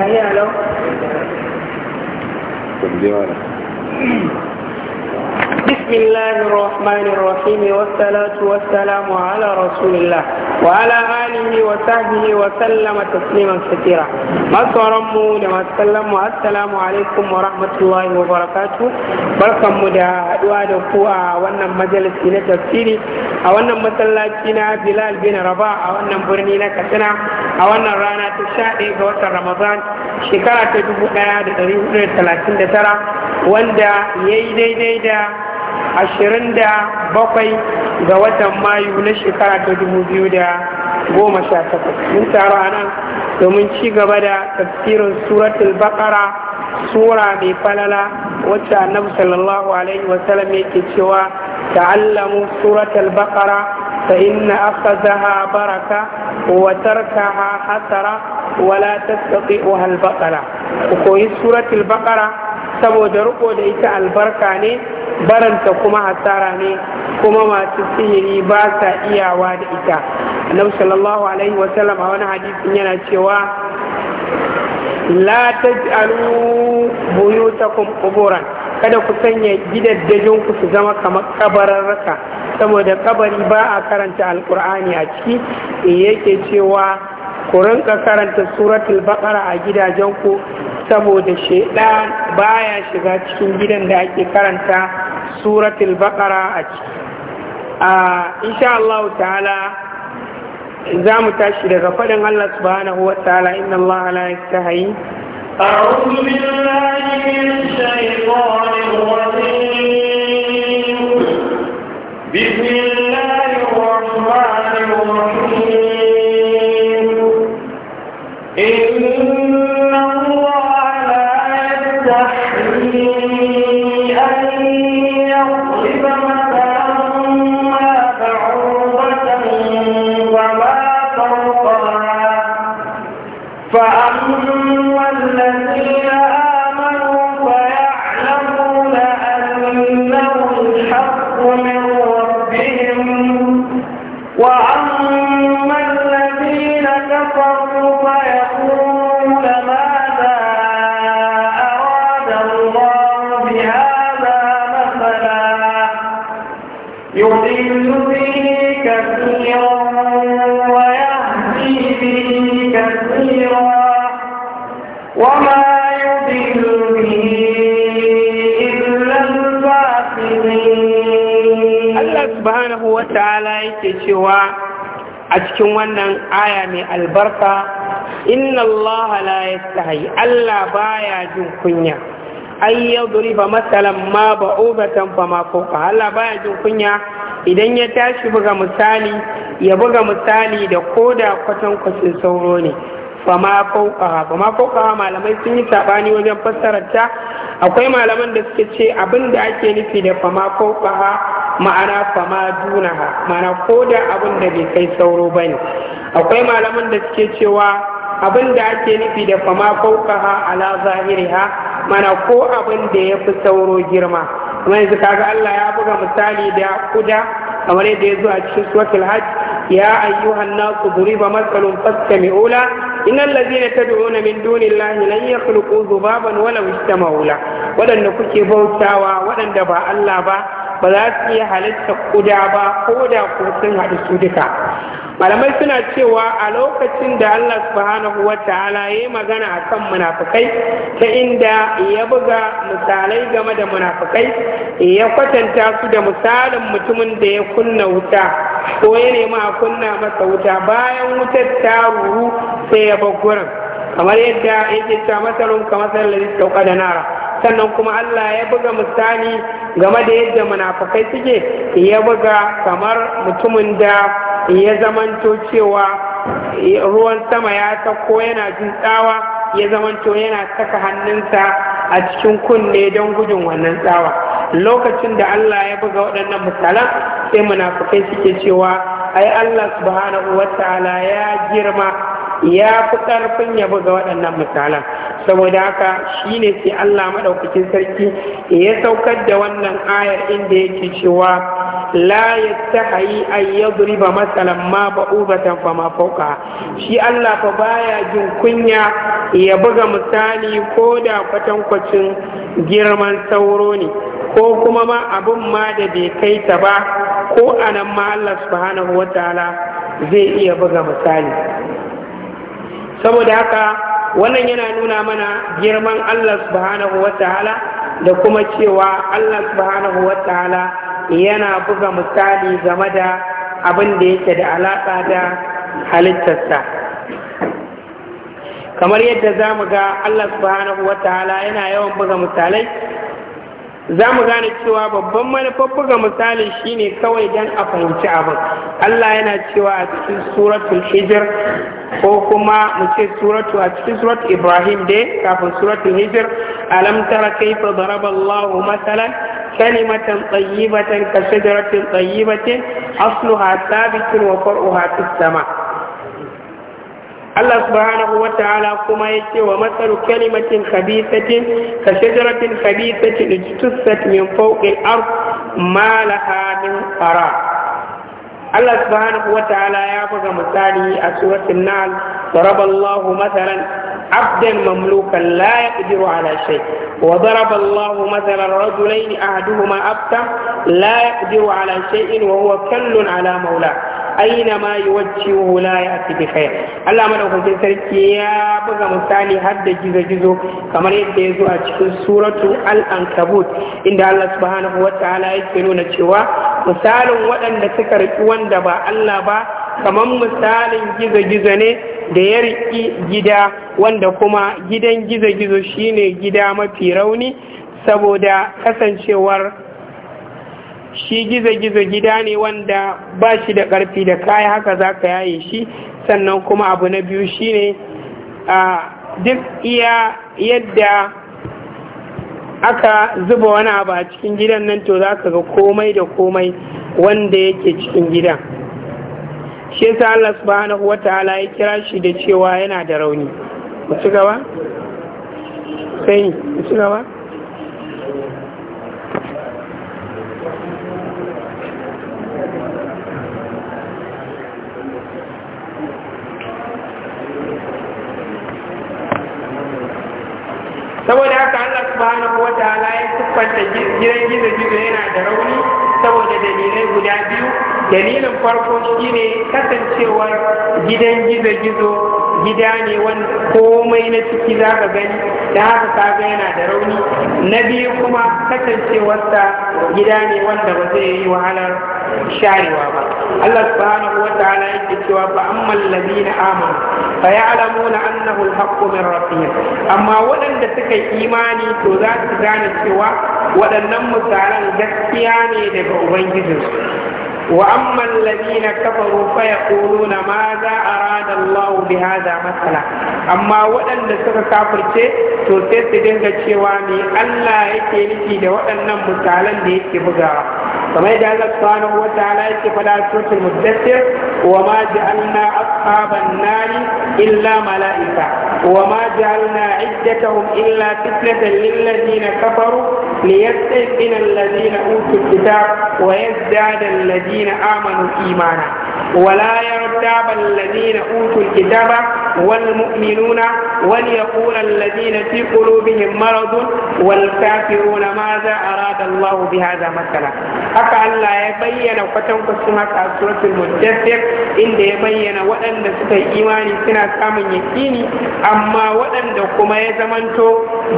lafiya lau بسم الله الرحمن الرحيم والصلاة والسلام على رسول الله وعلى آله وصحبه وسلم تسليما كثيرا ما صرمه لما سلمه السلام عليكم ورحمة الله وبركاته بركم مدى دعاء دفوع وانا مجلس إلى تفسيري وانا مسلاتنا بلال بن رباع وانا برنينا كتنا وانا رانا تشاهد وقت رمضان شكرا تدبو دايا دقريب 139 وانا يي دايدا ashirin da bakwai ga watan mayu na shekara ta dubu biyu da goma sha takwas mun taru a nan domin ci gaba da tafsirin suratul bakara sura mai falala wacce annabi sallallahu alaihi wasallam yake cewa ta'allamu suratul bakara fa inna akhadhaha baraka wa tarkaha hasara wala tastati'uha al-baqara ku koyi suratul bakara saboda riko da ita albarka ne baranta kuma hasara ne kuma masu sihiri ba sa iyawa da ita annabi sallallahu alaihi wasallam a wani hadisin yana cewa la taj'alu buyutakum quburan kada ku sanya gidaddajin ku su zama kamar kabararraka saboda kabari ba a karanta Alkur'ani a ciki yake cewa ku rinka karanta suratul baqara a gidajenku saboda shaidan baya shiga cikin gidan da ake karanta suratul baqara a ciki a insha Allah ta'ala za mu tashi daga faɗin Allah subhanahu wa ta'ala inna Allah la yastahi أعوذ بالله من الشيطان الرجيم بسم الله الرحمن الرحيم إن ta'ala yake cewa a cikin wannan aya mai albarka inna allaha la yastahi allah baya jin kunya ay yadriba masalan ma ba'udatan fama fawqa allah baya jin kunya idan ya tashi buga misali ya buga misali da koda kwatan kwasin sauro ne fama faukaha fama faukaha malamai sun yi sabani wajen fassarar ta akwai malaman da suke ce abin da ake nufi da fama faukaha ma'ana fama dunaha ma'ana ko da abin da bai kai sauro ba ne akwai malaman da suke cewa abin da ake nufi da fama ha ala ha, mana ko abin da ya fi sauro girma kuma yanzu kaga Allah ya buga misali da kuda kamar yadda ya zo a cikin Suwakil hajj ya ayyuhan nasu duriba masalun fastami'u la innal ta tad'una min dunillahi lan yakhluqu dhubaban walau istama'u la wadanda kuke bautawa waɗanda ba Allah ba ba za su iya halitta kuda ba ko da ko sun haɗu su duka malamai suna cewa a lokacin da Allah subhanahu wa ta'ala ya yi magana a kan munafukai ta inda ya buga misalai game da munafukai ya kwatanta su da misalin mutumin da ya kunna wuta ko ya nemi a kunna masa wuta bayan wutar ta ruru sai ya bar kamar yadda yake ta matsalin kamar sauka da nara sannan kuma Allah ya buga misali game da yadda munafukai suke ya buga kamar mutumin da ya zamanto cewa ruwan sama ya sako yana jin tsawa ya zamanto yana saka hannunsa a cikin kunne don gudun wannan tsawa lokacin da Allah ya buga waɗannan misalan sai munafukai suke cewa ai Allah subhanahu wa ta'ala ya girma ya fi ƙarfin ya buga waɗannan misalan saboda haka shi ne sai Allah maɗaukacin sarki ya saukar da wannan ayar inda yake cewa la yastahi an ba matsalan ma ubatan fa ma fauka shi Allah fa baya jin kunya ya buga misali ko da kwatankwacin girman sauro ne ko kuma ma abin ma da bai kai ta ba ko anan ma Allah subhanahu ta'ala zai iya buga misali saboda haka wannan yana nuna mana girman Allah subhanahu wataala da kuma cewa Allah subhanahu wataala yana buga misali game da abin da yake da alaƙa da halittarsa kamar yadda za mu ga Allah subhanahu wataala yana yawan buga misalai za mu gane cewa babban manufar buga misali shine kawai don a fahimci abin Allah yana cewa a cikin suratul hijir ko kuma mu ce suratu a cikin suratul ibrahim dai kafin suratul hijir alam tara kaifa daraba Allahu masalan kalimatan tayyibatan ka shajaratin tayyibatin asluha thabitun wa far'uha fis sama' Allah subhanahu wa ta'ala kuma ya ce wa matsalu kalimatin khabisatin ka shajaratin khabisatin ijtussat min fawqil ard ma laha min qara Allah subhanahu wa ta'ala ya buga misali a suratul nahl daraballahu mathalan عبدا مملوكا لا يقدر على شيء وضرب الله مثلا رجلين احدهما ابتم لا يقدر على شيء وهو كل على مولاه aina ma yi wula la ya bi kaya. Allah madaukakin sarki ya buga misali har da gizo-gizo kamar yadda ya zo a cikin suratu al'ankabut, inda Allah subhanahu wataala yake nuna cewa misalin waɗanda suka riki wanda ba Allah ba kamar misalin gizo-gizo ne da ya riƙi gida wanda kuma gidan gizo-gizo shine gida mafi rauni saboda kasancewar shi gizo-gizo gida ne wanda ba shi da ƙarfi da kaya haka za ka yaye shi sannan kuma abu na biyu shi ne duk iya yadda aka zuba wani abu a cikin gidan nan to za ka ga komai da komai wanda yake cikin gidan shi yasa Allah subhanahu wa ta'ala ya kira shi da cewa yana da rauni mu ci gaba sai mu ci gaba subhanahu wa ta'ala ya siffanta gidan gizo-gizo yana da rauni saboda dalilai guda biyu dalilin farko shine kasancewar gidan gizo-gizo gida ne wanda komai na ciki za ka gani da haka kaga yana da rauni na biyu kuma kasancewarsa gida ne wanda ba zai yi wahalar sharewa ba Allah subhanahu ta'ala yake cewa fa ammal ladina amanu fa ya'lamuna annahu al-haqqu min rabbihim amma waɗanda suka yi imani to za su gane cewa waɗannan misalan gaskiya ne daga ubangijinsu وأما الذين كفروا فيقولون ماذا أراد الله بهذا مثلا أما وأن سكا كافر شيء توتيت دنجا شيواني ألا يكي لكي دا وأن مثالا ليكي بغارة كما يدعى الله سبحانه وتعالى يكي فلا سورة المدثر وما جعلنا أصحاب النار إلا ملائكة وما جعلنا عدتهم إلا فتنة للذين كفروا ليستيقن الذين أوتوا الكتاب ويزداد الذين ladina amanu imana wala yartaba alladina utul kitaba wal mu'minuna wal yaqul alladina fi qulubihim marad wal kafiruna madha arada Allah bi hadha mathala haka Allah ya bayyana kwatan kwasun haka suratul mudaththir inda ya bayyana waɗanda suka yi imani suna samun yakini amma waɗanda kuma ya zamanto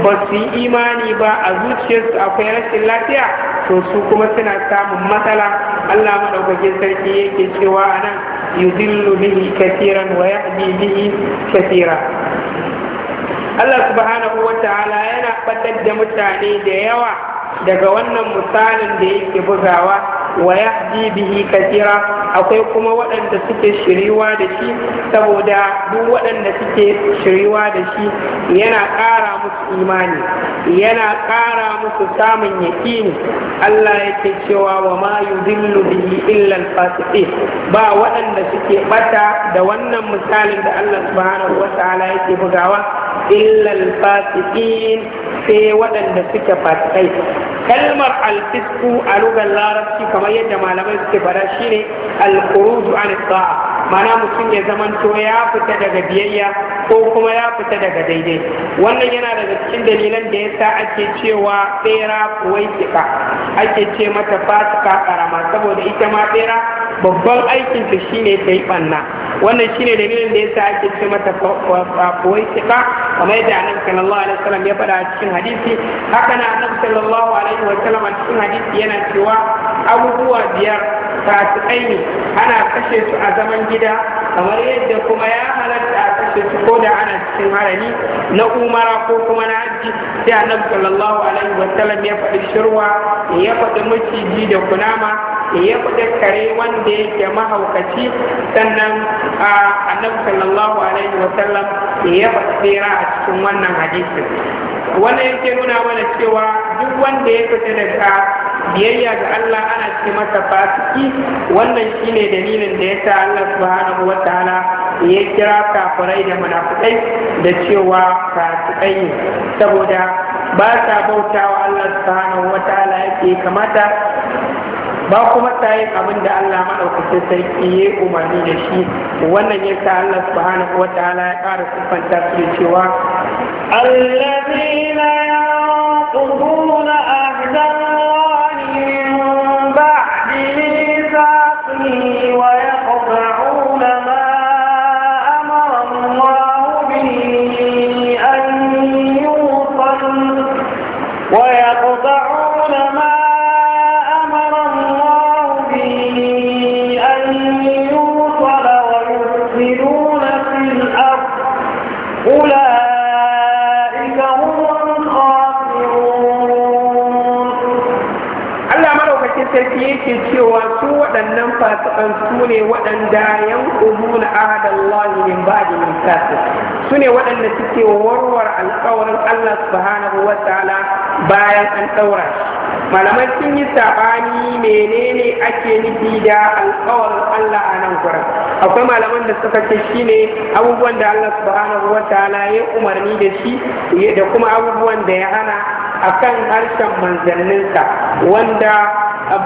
ba su yi imani ba a zuciyarsu akwai rashin lafiya to su kuma suna samun matsala Allah madaukakin sarki yake cewa anan yudillu bihi katiran wa ya'di bihi katira Allah subhanahu wa ta'ala yana fatar da mutane da yawa daga wannan misalin da yake bugawa wa yahdi bihi kathira akwai kuma waɗanda suke shiriwa da shi saboda duk waɗanda suke shiriwa da shi yana ƙara musu imani yana ƙara musu samun yaƙini Allah yake cewa wa ma yudillu bihi illa al-fasiqin ba waɗanda suke bata da wannan misalin da Allah subhanahu wa ta'ala yake bugawa illa al-fasiqin sai waɗanda suke fasikai kalmar alfisku a lugar larabci kamar yadda malamai suke fara shine ne an ta'a mana mutum ya zamanto ya fita daga biyayya ko kuma ya fita daga daidai wannan yana daga cikin dalilan da yasa ake cewa wai tsika ake ce mata fasika karama saboda ita ma tsera babban aikin ta shine ta yi banna wannan shine dalilin da yasa ake ce mata tsika kamar yadda annabi sallallahu alaihi wasallam ya faɗa cikin hadisi haka na annabi sallallahu alaihi wasallam cikin hadisi yana cewa abubuwa biyar fasikai ne ana kashe su a zaman gida kamar yadda kuma ya halatta tafi ko da ana cikin harami na umara ko kuma na hajji sai annabi sallallahu alaihi sallam ya faɗi shirwa ya faɗi maciji da kunama ya faɗi kare wanda yake mahaukaci sannan a annabi sallallahu alaihi wa sallam ya faɗi tsira a cikin wannan hadisin wannan yake nuna mana cewa duk wanda ya fita daga biyayya ga Allah ana ce masa fasiki wannan shine dalilin da yasa Allah subhanahu wataala ya kira kafirai da munafikai da cewa fasikai saboda ba sa bautawa Allah subhanahu wataala yake kamata ba kuma ta yi abin da Allah maɗaukacin sarki ya umarni da shi wannan ya sa Allah subhanahu wa ya ƙara siffanta su da cewa allazina yaqudun ne waɗanda yan ƙuduna ahadallahi min ba'di min su ne waɗanda suke warwar alƙawarin Allah subhanahu wa ta'ala bayan an ɗaura malamai sun yi saɓani menene ake nufi da alƙawarin Allah a nan gurin akwai malaman da suka ce shine abubuwan da Allah subhanahu wa ta'ala ya umarni da shi da kuma abubuwan da ya hana akan harshen manzanninsa wanda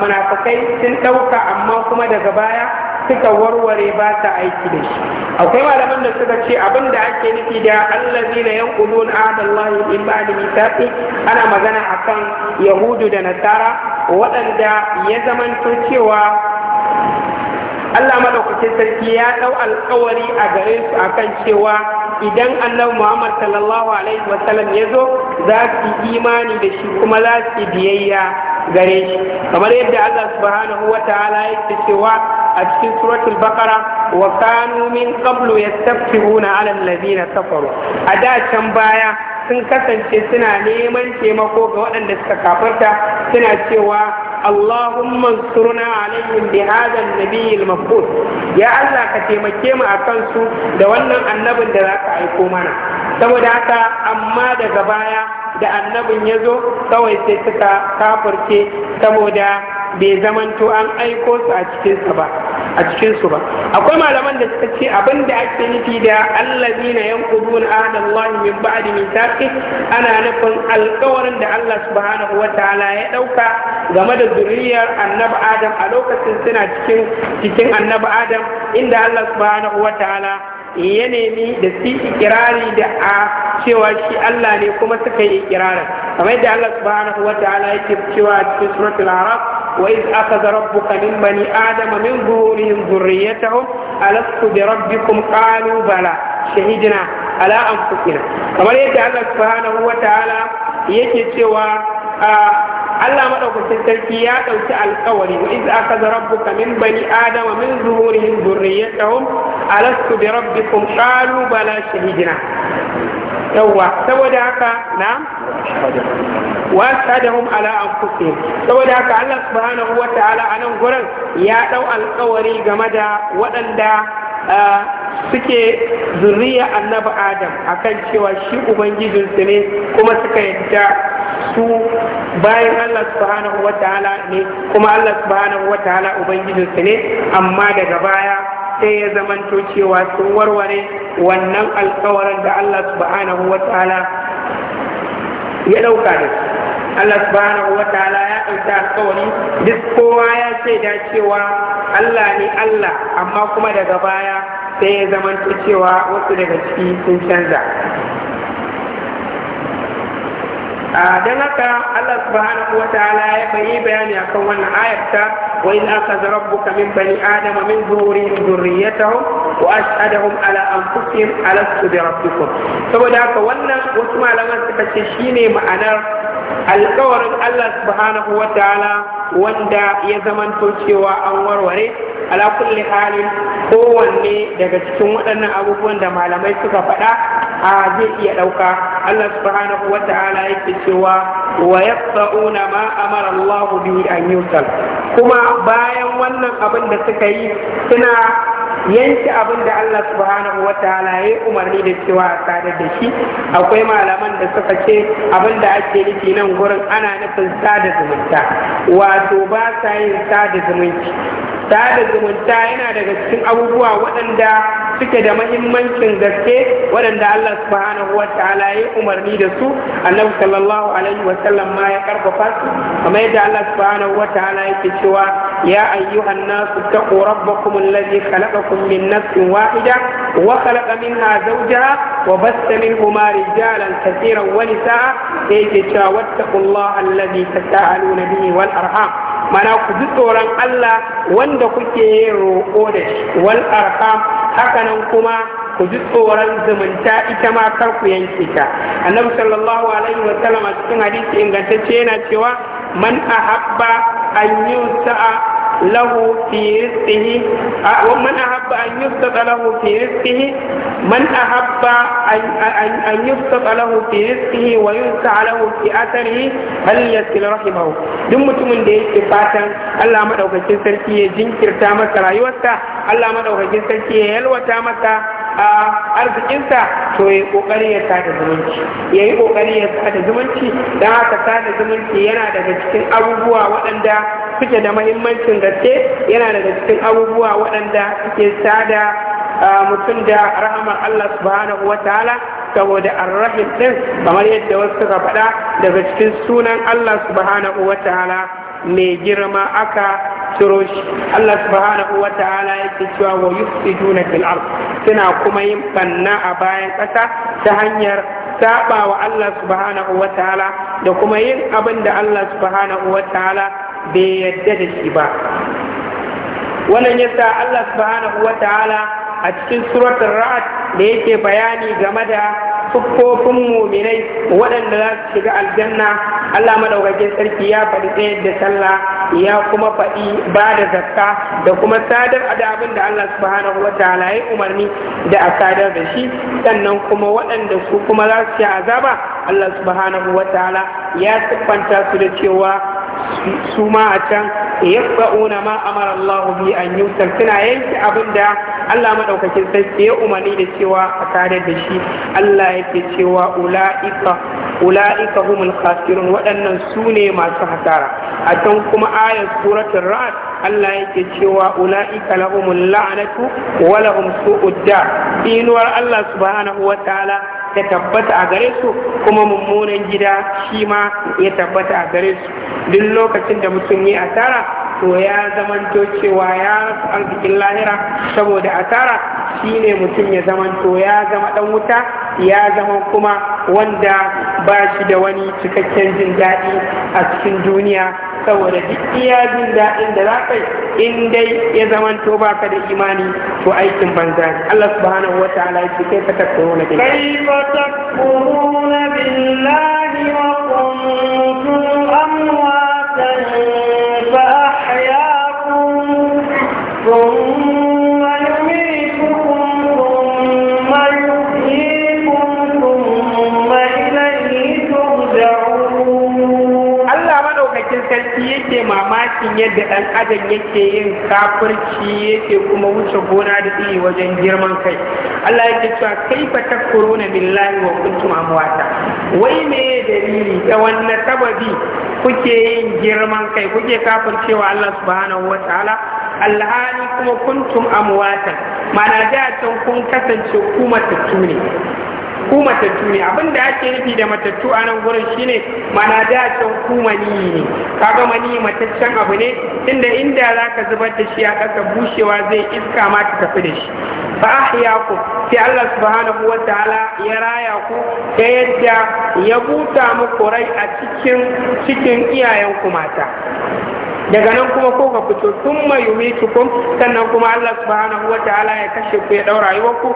munafukai sun ɗauka amma kuma daga baya suka warware ba ta aiki da shi akwai malaman da suka ce abin da ake nufi da allazina yanqudun in ba da misafi ana magana akan yahudu da nasara waɗanda ya zamanto cewa Allah madaukakin sarki ya ɗau alkawari a gare su akan cewa idan annabi Muhammad sallallahu alaihi wasallam ya zo za su imani da shi kuma za su biyayya gare shi kamar yadda Allah subhanahu wa ta'ala yake cewa a cikin suratul bakara wa kanu min qablu yastafihuna ala alladhina kafaru a da can baya sun kasance suna neman taimako ga waɗanda suka kafarta suna cewa Allahumma surna alaihim bi hadha an-nabiy ya Allah ka taimake mu akan su da wannan annabin da zaka aiko mana saboda haka amma daga baya da annabin ya zo kawai sai suka kafirce saboda bai zamanto an aiko su a cikinsa ba a cikin su ba akwai malaman da suka ce abin da ake nufi da allazina yanquduna ahdallahi min ba'di mithaqi ana nufin alƙawarin da Allah subhanahu wataala ya dauka game da zuriyar annabi Adam a lokacin suna cikin cikin annabi Adam inda Allah subhanahu wataala ya nemi da su ikirari da a cewa shi Allah ne kuma suka yi ikirarin kamar yadda Allah subhanahu wa ta'ala yake cewa a cikin suratul araf wa iz akhadha rabbuka min bani adama min zuhurihim dhurriyyatahum alastu bi rabbikum qalu bala shahidina ala anfusina kamar yadda Allah subhanahu wa ta'ala yake cewa Allah madaukakin sarki ya dauki alkawari wa iz akaza rabbuka min bani adama min zuhurihim dhurriyyatahum alastu bi rabbikum qalu bala shahidina yawwa saboda haka na wa shahadahum ala anfusihim saboda haka Allah subhanahu wa ta'ala anan gurin ya ɗau alkawari game da waɗanda suke zuriya annabi adam akan cewa shi ubangijinsu ne kuma suka yadda su bayan Allah subhanahu wa ta'ala ne kuma Allah subhanahu wa ta'ala ubangijinsu ne amma daga baya sai ya zamanto cewa sun warware wannan alkawarin da Allah subhanahu wa ta'ala ya ɗauka da su Allah subhanahu wa ta'ala ya dauka alkawarin duk kowa ya shaida cewa Allah ne Allah amma kuma daga baya sai ya zamanta cewa wasu daga ciki sun canza don haka Allah subhanahu wataala ya bayi bayani akan wannan ayarta wa in akhadha rabbuka min bani adama min zuhurihim dhurriyyatahum wa ashhadahum ala anfusihim alastu bi rabbikum saboda haka wannan wasu malaman suka ce shine ma'anar alƙawarin Allah subhanahu wataala wanda ya zaman cewa an warware ala kulli halin kowanne daga cikin waɗannan abubuwan da malamai suka faɗa a zai iya ɗauka Allah subhanahu wa ta'ala yake cewa wa yaqta'una ma amara Allah bihi an yusal kuma bayan wannan abin da suka yi suna yanke abin da Allah subhanahu wa ta'ala ya umarni da cewa a sadar da shi akwai malaman da suka ce abin da ake nufi nan gurin ana nufin sada zumunta wato ba sa yin sada zumunci sada zumunta yana daga cikin abubuwa waɗanda suke da mahimmancin gaske waɗanda Allah subhanahu wa ta'ala ya umarni da su annabi sallallahu alaihi wa sallam ma ya karfafa su kamar yadda Allah subhanahu wa ta'ala yake cewa ya ayyuhan nasu taqu rabbakum alladhi khalaqakum min nafsin wahida wa khalaqa minha zawjaha wa basta minhuma rijalan kathiran wa nisaa yake cewa wattaqullaha alladhi tasaaluna bihi wal arham mana ku ji tsoron Allah wanda kuke roƙo da shi wal arham hakanan kuma ku ji tsoron zumunta ita ma kar ku yanke ta annabi sallallahu alaihi wa sallam a cikin hadisi ingantacce yana cewa man ahabba an sa'a. له في رزقه ومن أحب أن يبسط له في رزقه من أحب أن أن أن له في رزقه له في أثره فليصل رحمه duk mutumin da yake fatan Allah madaukakin sarki ya jinkirta masa rayuwarsa Allah madaukakin sarki ya yalwata masa a arzikinsa to ya kokari ya sada zumunci ya yi kokari ya sada zumunci don haka sada zumunci yana daga cikin abubuwa waɗanda suke da mahimmancin gaske yana daga cikin abubuwa waɗanda suke sada mutum da rahamar Allah subhanahu wataala saboda arrahim din kamar yadda wasu suka faɗa daga cikin sunan Allah subhanahu wataala mai girma aka ciro shi Allah subhanahu wataala yake cewa wa yufsiduna fil ard suna kuma yin banna a bayan ƙasa ta hanyar saba wa Allah subhanahu wa ta'ala da kuma yin abin da Allah subhanahu wa ta'ala bai yadda da shi ba wannan yasa Allah subhanahu wa ta'ala a cikin suratul ra'd da yake bayani game da siffofin muminai waɗanda za su shiga aljanna Allah madaukakin sarki ya faɗi tsayar da sallah ya kuma faɗi ba da zakka da kuma sadar da abin da Allah subhanahu wa ta'ala ya umarni da a sadar da shi sannan kuma waɗanda su kuma za su sha azaba Allah subhanahu wa ta'ala ya siffanta su da cewa su ma a can yaqba'una ma amara Allah bi an yusar suna yanke abin da Allah madaukakin sarki ya umarni da cewa a kare da shi Allah yake cewa ula'ika ula'ika humul khasirun waɗannan su ne masu hasara a can kuma ayat suratul ra'd Allah yake cewa ula'ika lahumul la'anatu wa lahum su'ud inuwar Allah subhanahu wa ta'ala ta tabbata a gare su kuma mummunan gida shi ma ya tabbata a gare su duk lokacin da mutum ya asara to ya zamanto cewa ya rasu arzikin lahira saboda asara shine mutum ya zamanto ya zama dan wuta ya zama kuma wanda ba shi da wani cikakken jin daɗi a cikin duniya saboda duk iya jin daɗin da za in dai ya zamanto baka da imani to aikin banza ne Allah subhanahu wa ya ce kai ka takkuruna billahi wa yake mamakin yadda ɗan adam yake yin kafirci yake kuma wuce gona da iri wajen girman kai Allah yake cewa kaifa takfuruna billahi wa kuntum amwata wai me dalili da wannan sababi kuke yin girman kai kuke kafircewa Allah subhanahu wa ta'ala alhali kuma kuntum amwatan mana da can kun kasance ku matattu ne ku matattu ne abin da ake nufi da matattu a nan gurin shine mana da can ku mani ne kaga mani mataccen abu ne inda inda za ka zubar da shi a ƙasa bushewa zai iska ma ta tafi da shi fa ku sai Allah subhanahu wataala ya raya ku ta yadda ya buta muku rai a cikin cikin iyayen ku mata daga nan kuma ko ka fito thumma yumitukum sannan kuma Allah subhanahu wa ta'ala ya kashe ku ya ɗau rayuwarku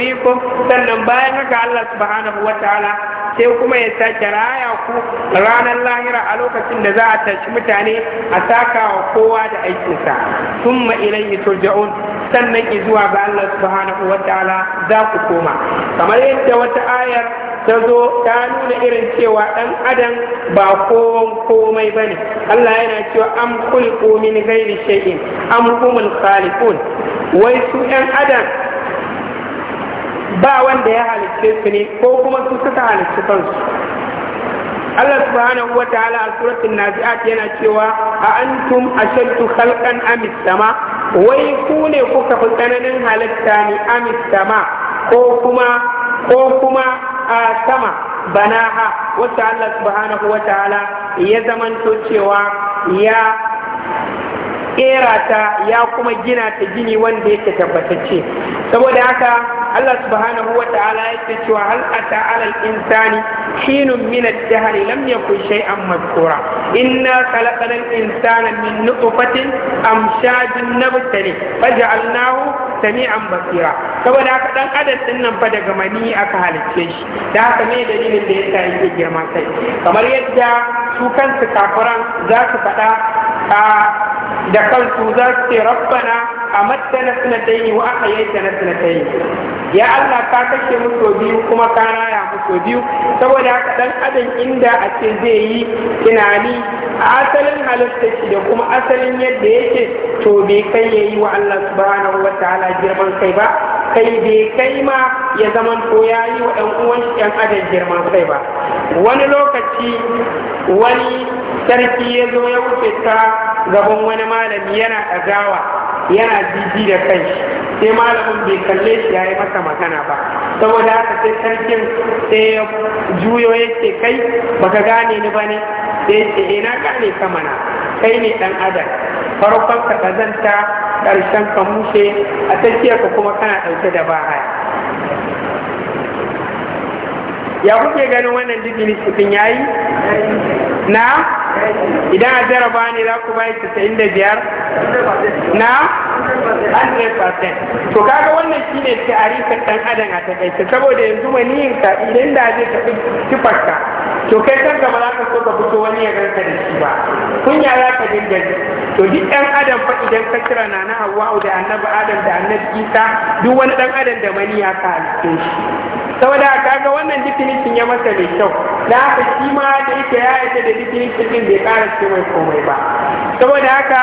yi ku. sannan bayan haka Allah subhanahu wa ta'ala sai kuma ya sake raya ku ranar lahira a lokacin da za a tashi mutane a saka wa kowa da aikinsa thumma ilayhi turja'un sannan izuwa ga Allah subhanahu wa ta'ala za ku koma kamar yadda wata ayar ta zo ta nuna irin cewa ɗan adam ba kowan komai ba ne Allah yana cewa an kulku min gairi shay'in an kumul khaliqun wai su ɗan adam ba wanda ya halicce su ne ko kuma su suka halicci kansu Allah subhanahu wa ta'ala a suratul nazi'at yana cewa a antum ashaddu khalqan am sama wai ku ne kuka fi tsananin halitta ne am sama ko kuma ko kuma a sama banaha wacce Allah subhanahu wa ta'ala ya zamanto cewa ya kera ta ya kuma gina ta gini wanda yake tabbatacce saboda haka Allah subhanahu wa ta'ala yake cewa hal ata alal insani hinun min ad-dahri lam yakun shay'an madhkura inna khalaqnal insana min nutfatin amshajin nabtali faj'alnahu sami'an basira saboda haka dan adam din nan fa daga mani aka halicce shi da haka me dalilin da yasa yake girma kai kamar yadda su kansu kafiran za su faɗa a da kansu za su ce rabbana a mattana sanatai wa aka yanke na sanatai ya Allah ka kashe mu so biyu kuma ka raya mu so biyu saboda haka dan adam inda a ce zai yi tunani a asalin halitta shi da kuma asalin yadda yake to bai kai yayi wa Allah subhanahu wa ta'ala girman kai ba kai bai kai ma ya zaman to yayi wa ɗan uwan shi ɗan adam girman kai ba wani lokaci wani sarki ya zo ya wuce ta gaban wani malami yana ɗagawa yana jiji da kai sai malamin bai kalle shi ya yi masa magana ba saboda haka sai sarkin sai ya juyo ya ce kai baka gane ni ba ne sai ce eh na gane ka mana kai ne ɗan adam farkon ka kazanta karshen ka mushe a tsakiyar ka kuma kana ɗauke da bahaya ya kuke ganin wannan digiri cikin yayi na idan a jaraba ne za ku bayi casa'in da biyar na 100% to kaga wannan shi shine ta'arifin dan adam a takaice saboda yanzu maniyin ka idan da zai tafi tifarka to kai kanka ba za ka so ka fito wani ya ganka da shi ba kunya za ka dinga to duk ɗan adam fa idan ka kira na na hawa'u da annabi adam da annabi isa duk wani ɗan adam da mani ya ka shi saboda kaga wannan definition ya masa mai kyau da haka shi ma da yake ya yadda da definition din bai ƙara ce mai komai ba saboda haka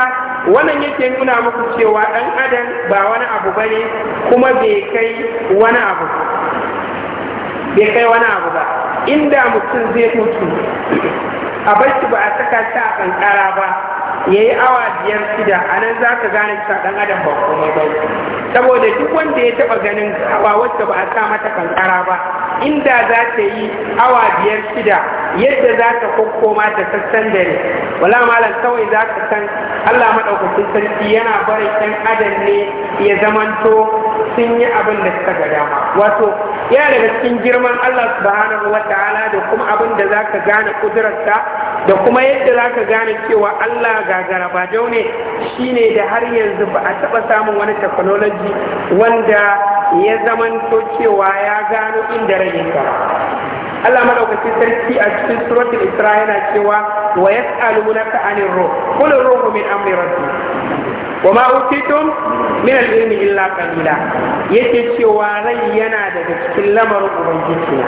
wannan yake nuna muku cewa ɗan adam ba wani abu ba ne kuma bai kai wani abu bai kai wani abu ba inda mutum zai mutu a bashi ba a saka ta a kankara ba ya yi awa biyar sida a nan za ka gane cikin ɗan adam ba komai ba saboda duk wanda ya taɓa ganin hawa wacce ba a sa mata kankara ba inda za ta yi awa biyar sida yadda za ta kokkoma ta sassan dare wala malam kawai za ka san Allah maɗaukacin sarki yana barin ɗan adam ne ya zamanto sun yi abin da suka ga dama wato yana daga cikin girman Allah subhanahu wa ta'ala da kuma abin da za ka gane kudurarsa da kuma yadda za ka gane cewa Allah gagara ba jau ne shine da har yanzu ba a taɓa samun wani technology wanda ya zamanto cewa ya gano inda rage ka Allah madaukaki sarki a cikin suratul Isra yana cewa wa yas'alunaka 'anil ruh qul ruhu min amri rabbi wa ma utitum min al-ilmi illa qalila yake cewa rai yana daga cikin lamarin ubangiji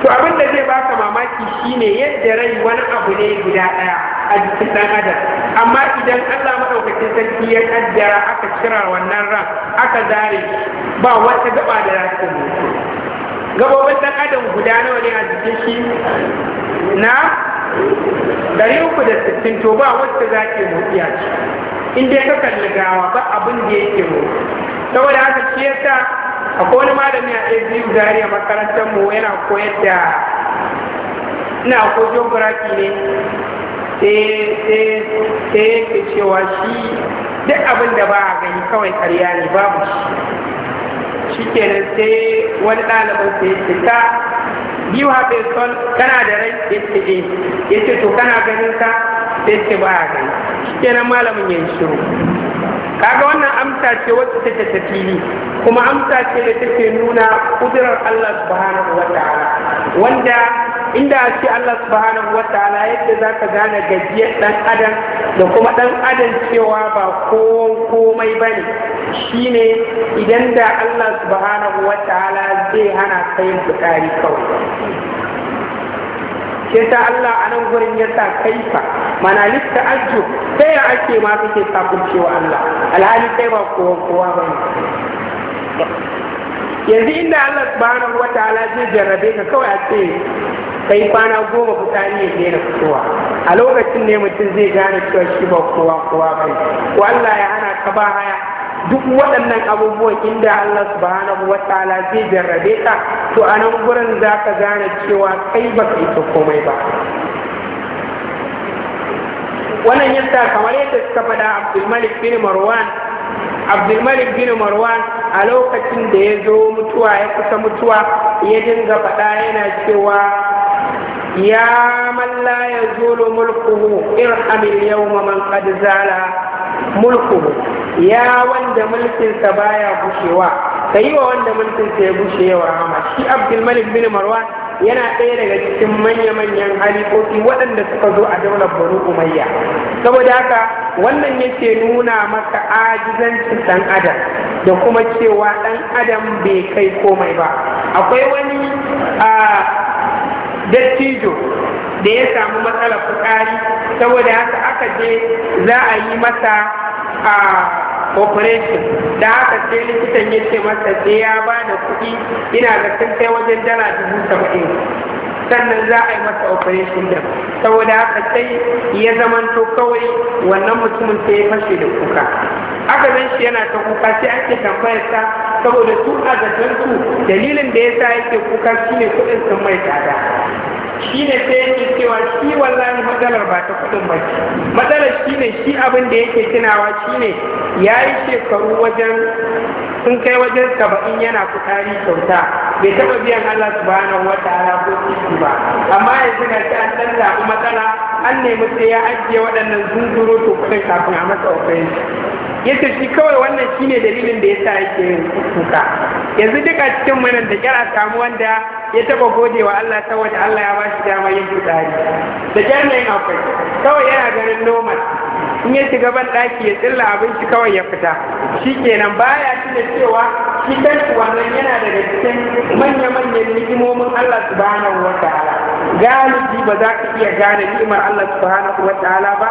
to abin da zai baka mamaki shine yadda rai wani abu ne guda daya a jikin dan adam amma idan Allah madaukakin sarki ya kaddara aka cira wannan ran aka zare ba wata gaba da rasu gabobin dan adam guda nawa ne a jikin shi na 360 to ba wacce za ke motsi a ciki in dai ka kalli gawa ba abin da yake mu saboda haka shi yasa akwai wani malami a ABU zariya makarantar mu yana koyar da ina ko geography ne sai yake cewa shi duk abin da ba a gani kawai karya ne babu shi shikenan sai wani ɗalibin sai ta biyu hafe son kana da rai ya ce eh ya ce to kana ganin ka sai ce ba ya gani shi kenan malamin ya yi shiru kaga wannan amsa ce wacce take ta kuma amsa ce da take nuna kudurar Allah subhanahu wa ta'ala wanda inda ce Allah subhanahu wa ta'ala yadda zaka gane gajiyar dan adam da kuma dan adam cewa ba kowan komai bane shine idan da Allah subhanahu wa ta'ala zai hana kai fitari kawai ke ta Allah a nan gurin ya sa kaifa mana lista ajju sai ya ake ma kake kafircewa Allah alhali sai ba kowa kowa ba yanzu inda Allah subhanahu wataala zai jarrabe ka kawai a ce kai kwana goma fitani ne daina fitowa a lokacin ne mutum zai gane cewa shi ba kowa kowa ba wallahi Allah ya hana ka ba haya duk waɗannan abubuwan inda Allah subhanahu wa ta'ala zai jarrabe ka to a nan gurin za ka gane cewa kai ba ka isa komai ba wannan yadda kamar yadda suka faɗa abdulmalik bin marwan abdulmalik bin marwan a lokacin da ya zo mutuwa ya kusa mutuwa ya dinga faɗa yana cewa ya malla ya zolo mulkuhu irhamil yawma man qad zala mulkuhu ya wanda mulkinsa baya gushewa ka yi wa wanda mulkinsa ya gushe ya rama shi abdulmalik bin marwan yana ɗaya daga cikin manya-manyan halifofi waɗanda suka zo a daular banu umayya saboda haka wannan yake nuna maka ajizancin ɗan adam da kuma cewa ɗan adam bai kai komai ba akwai wani a dattijo da ya samu matsalar fukari saboda haka aka je za a yi masa a operation da haka sai likitan ya ce masa sai ya ba da kuɗi ina da sun kai wajen dala dubu saba'in sannan za a yi masa operation da saboda haka sai ya zamanto kawai wannan mutumin sai ya fashe da kuka aka zan shi yana ta kuka sai ake tambayar sa saboda su a zaton dalilin da ya sa yake kuka shine kuɗin sun mai tsada shi ne sai yake cewa shi wallahi matsalar ba ta kudin ba ce matsalar shi ne shi abin da yake tunawa shi ne ya yi shekaru wajen sun kai wajen saba'in yana kutari kyauta bai taɓa biyan Allah bayan wa ta'ala ko ciki ba amma yanzu ga shi an ɗan zaɓi matsala an nemi sai ya ajiye waɗannan zunzuro to kuɗin kafin a masa ofishi ya shi kawai wannan shine dalilin da ya sa yake kuka yanzu duka cikin manan da kyar a samu wanda ya taba gode wa Allah saboda Allah ya bashi dama yin fitsari da kyar ne akwai kawai yana ganin normal in ya shiga ban daki ya tsilla abinci kawai ya fita shi kenan baya tuna cewa shi kanshi wannan yana daga cikin manya-manyan ni'imomin Allah subhanahu wa ta'ala galibi ba za ka iya gane ni'imar Allah subhanahu wa ta'ala ba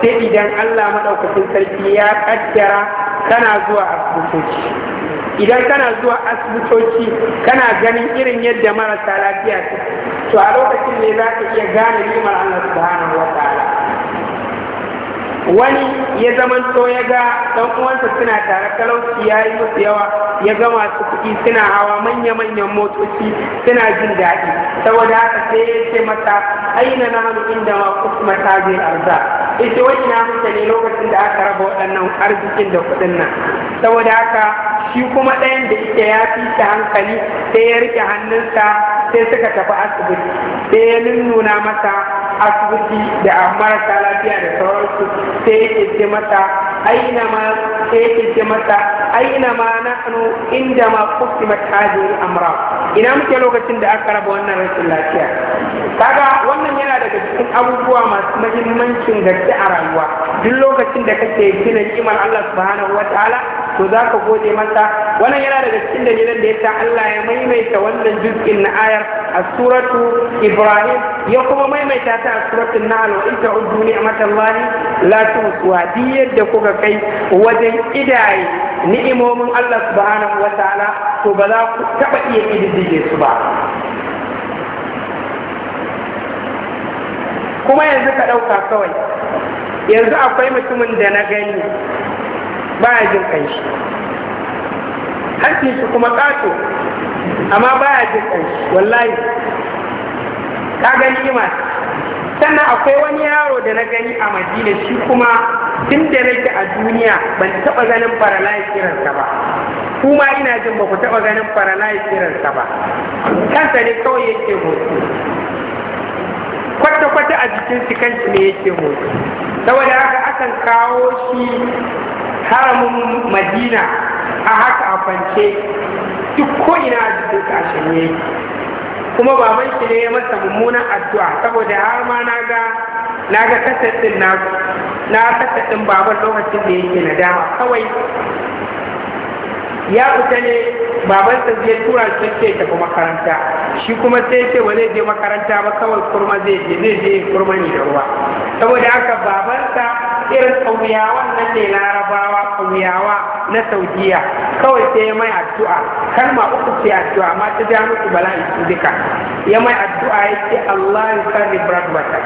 sai idan Allah maɗaukacin sarki ya kaddara kana zuwa asibitoci idan kana zuwa asibitoci kana ganin irin yadda marasa lafiya su to a lokacin ne za ka iya gane limar Allah subhanahu wa ta'ala wani ya zama to ya ga dan uwansa suna tare talauci ya yi musu yawa ya ga masu kuɗi suna hawa manya-manyan motoci suna jin daɗi saboda haka sai ya ce masa aina na hannu inda ma kusa ta zai arza ita wani na mutane lokacin da aka raba waɗannan arzikin da kuɗin nan saboda haka shi kuma ɗayan da yake ya fi ta hankali sai ya rike hannunsa sai suka tafi asibiti sai ya nuna masa asibiti da marasa lafiya da sauransu sai yake ce masa أينما إيش متى أينما نحن عندما قسمت هذه الأمراض ina muke lokacin da aka raba wannan rashin lafiya Ka ga wannan yana daga cikin abubuwa masu mahimmancin gaske a rayuwa duk lokacin da kake gina kimar Allah subhanahu wataala to za ka gode masa wannan yana daga cikin da dalilan da ya ta Allah ya maimaita wannan juz'in na ayar a suratu Ibrahim ya kuma maimaita ta a na Nahl wa in ta'uddu ni'matallahi la tuhsuha duk yadda kuka kai wajen idaye ni'imomin Allah subhanahu wa ta'ala to ba za ku taɓa iya kididdige su ba kuma yanzu ka ɗauka kawai yanzu akwai mutumin da na gani ba ya jin ƙanshi harshen shi kuma ƙato amma ba ya jin ƙanshi wallahi ka gani ima sannan akwai wani yaro da na gani a madina shi kuma tun da nake a duniya ban taɓa ganin paralyze kiransa ba kuma ina jin ba ku taɓa ganin paralyze kiransa ba kansa ne kawai yake motsi kwata-kwata a jikin shi ne yake hoto saboda haka akan kawo shi haramin madina a haka a kwance duk ko ina a jikin ka a kuma baban shi ne ya masa mummunan addu'a saboda har ma na ga na ga na na baban lokacin da yake dama, kawai ya fita ne baban sa zai tura shi ke tafi makaranta shi kuma sai ce ba zai je makaranta ba kawai kurma zai je zai je kurma ne da ruwa saboda haka baban sa irin ƙauyawan nan ne larabawa ƙauyawa na saudiya kawai sai ya mai addu'a kalma uku ce addu'a amma ta ja musu bala'i su duka ya mai addu'a ya ce Allah ya karri rabbata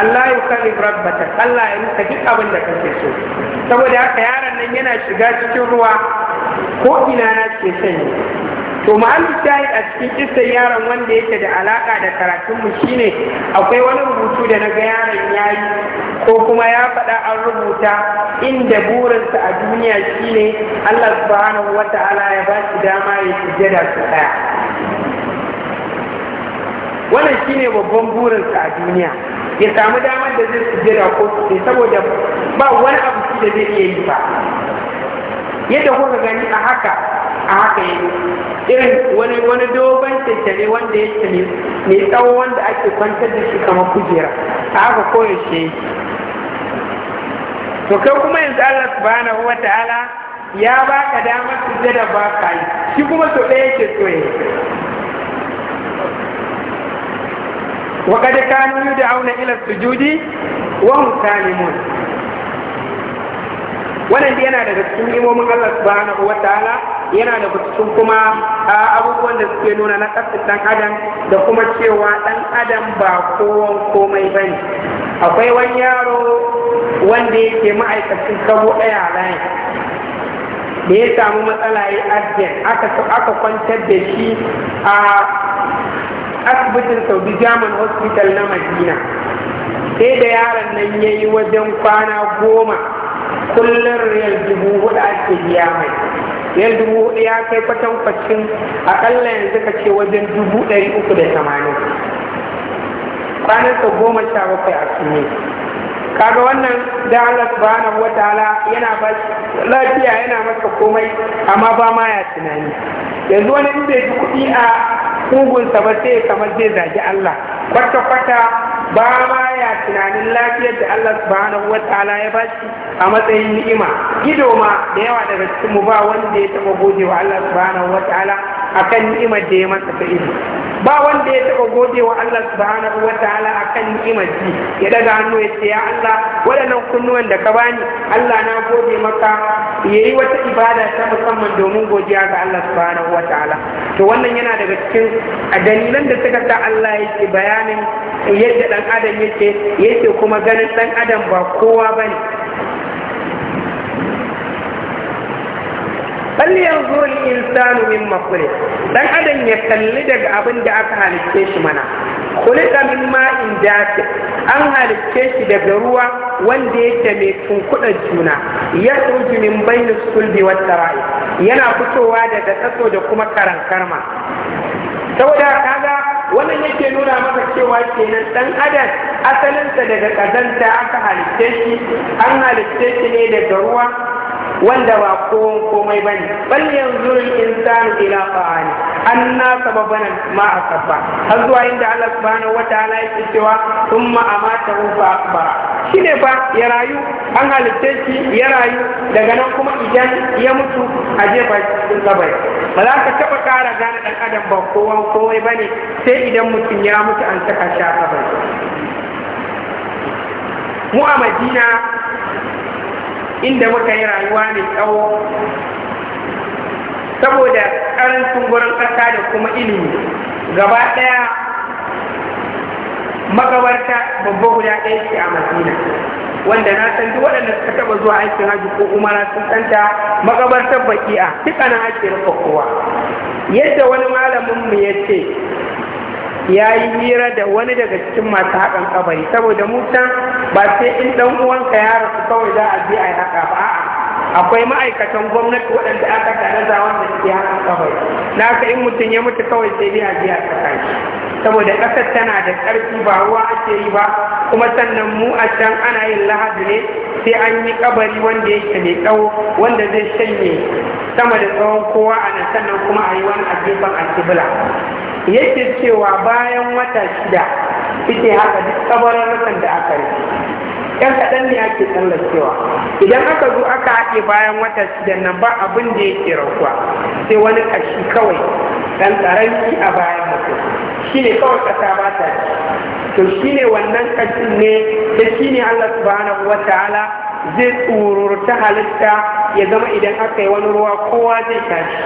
Allah ya karri rabbata Allah ya nuka duk abin da kake so saboda haka yaron nan yana shiga cikin ruwa ko ina na ke sanyi to ma'anin shahid a cikin kisan yaron wanda yake da alaka da karatunmu shine akwai wani rubutu da na ga yaron yayi ko kuma ya faɗa an rubuta inda burinsa a duniya shine Allah subhanahu Ta'ala ya ba shi dama ya sujjada su ɗaya wannan shine babban burinsa a duniya ya samu damar da zai sujjada ko sai saboda ba wani abu shi da zai iya yi ba yadda kuka gani a haka a haka yi irin wani wani dogon tattare wanda yake ne mai tsawo wanda ake kwantar da shi kamar kujera a haka koyaushe to kai kuma yanzu Allah subhanahu wataala ya baka damar sujjada ba ka yi shi kuma so ɗaya yake so ya wa kad kanu yud'auna ila sujudi wa hum salimun wannan yana daga cikin imomin Allah subhanahu wataala yana da cikin kuma a abubuwan da suke nuna na ƙasar ɗan adam da kuma cewa ɗan adam ba kowan komai bane akwai wani yaro wanda yake ma'aikacin sabo ɗaya layin da ya samu matsala ya arjen aka kwantar da shi a asibitin saudi german hospital na madina sai da yaron nan ya yi wajen kwana goma kullum riyal dubu hudu ake biya mai riyal dubu hudu ya kai kwatankwacin akalla yanzu ka ce wajen dubu ɗari uku da tamanin kwanansa goma sha bakwai a sunne kaga wannan da Allah subhanahu wa ta'ala yana ba lafiya yana masa komai amma ba ma ya tunani yanzu wani in bai ji kuɗi a kugunsa ba sai kamar zai zagi Allah kwata-kwata ba ma ya tunanin lafiyar da Allah subhanahu wa ta'ala ya bashi a matsayin ni'ima ido ma da yawa daga cikin mu ba wanda ya taba gode wa Allah subhanahu wa ta'ala akan ni'imar da ya masa ta ido ba wanda ya taba gode Allah subhanahu wa ta'ala akan ni'imar ji ya daga hannu ya ce ya Allah waɗannan kunnuwan da ka bani Allah na gode maka yayi wata ibada ta musamman domin godiya ga Allah subhanahu wa ta'ala to wannan yana daga cikin a dalilan da suka sa Allah ya ce bayanin yadda dan adam yake yake kuma ganin ɗan adam ba kowa ba ne bal yanzur insanu min khuliq dan adam ya kalli daga abin da aka halicce shi mana khuliqa min ma'in dace, an halicce shi daga ruwa wanda yake mai tunkuɗa juna ya tsoji min bainu sulbi wa tara'i yana fitowa daga tsaso da kuma karan karma saboda kaga wannan yake nuna maka cewa kenan dan adam asalinsa daga kazanta aka halitta shi an halitta shi ne daga ruwa wanda ba kowon komai ba ne bal yanzu insanu ila qani anna sababana ma asaba har zuwa inda Allah subhanahu wataala yake cewa thumma amatahu fa akbara shine fa ya rayu an halitta shi ya rayu daga nan kuma idan ya mutu a jefa cikin kabari ba za ka taɓa ƙara gane ɗan adam ba wani kowai ba ne sai idan mutum ya mutu an saka sha a mu a madina inda muka yi rayuwa mai tsawo saboda ƙarancin gurin ƙasa da kuma ilimi gaba ɗaya magabarta babba guda ɗaya ce a madina wanda na san duk waɗanda suka taɓa zuwa aikin hajji ko umara sun santa makabartar baki'a ana ake rufe kowa yadda wani malamin mu ya ce ya yi hira da wani daga cikin masu haƙan kabari saboda mu can ba sai in ɗan uwanka ya rasu kawai za a je a yi haƙa ba a'a akwai ma'aikatan gwamnati waɗanda aka tare za wanda suke haƙan kabari na in mutum ya mutu kawai sai dai a je a saka shi saboda ƙasar tana da ƙarfi ba ruwa ake yi ba kuma sannan mu a can ana yin lahadi ne sai an yi kabari wanda yake mai tsawo wanda zai shanye sama da tsawon kowa a nan sannan kuma a yi wani a gefen alkibla yake cewa bayan wata shida ita haka duk kabararrukan da aka yi yan kaɗan ne ake tsallakewa idan aka zo aka haɗe bayan wata shidan nan ba abin da yake rakuwa sai wani ƙashi kawai ɗan ƙaranci a bayan mutum shi ne kawai ƙasa ba ta to shi ne wannan ƙashin ne da shi ne allah subhanahu wa ta'ala zai tsururta halitta ya zama idan aka yi wani ruwa kowa zai tashi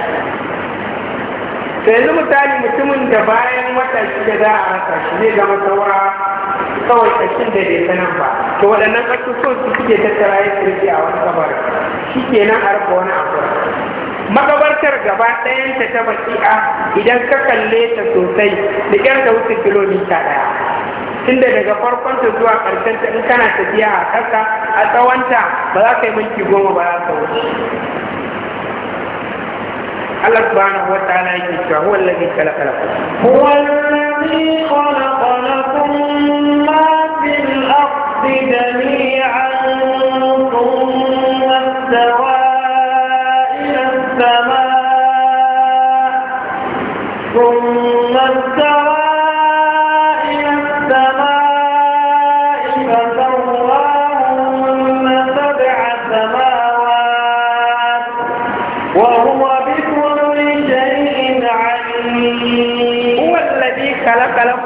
bayanzu yanzu misali mutumin da bayan wata da za a rasa shi zai zama saura kawai kashin da bai sanan ba to waɗannan ƙasusuwan su suke tattara ya kirki a wani kabar shi ke nan a rufe wani abu makabartar gaba ɗayanta ta basi'a idan ka kalle ta sosai da ƙyar da wuce kilomita ɗaya tunda daga farkon ta zuwa ƙarshen ta in kana tafiya a ƙasa a tsawonta ba za ka yi minti goma ba za ka wuce الله سبحانه وتعالى يقول هو الذي خلق لكم هو الذي خلق لكم ما في الأرض جميعا ثم استوى إلى السماء ثم استوى السماء فسواهن سبع سماوات وهو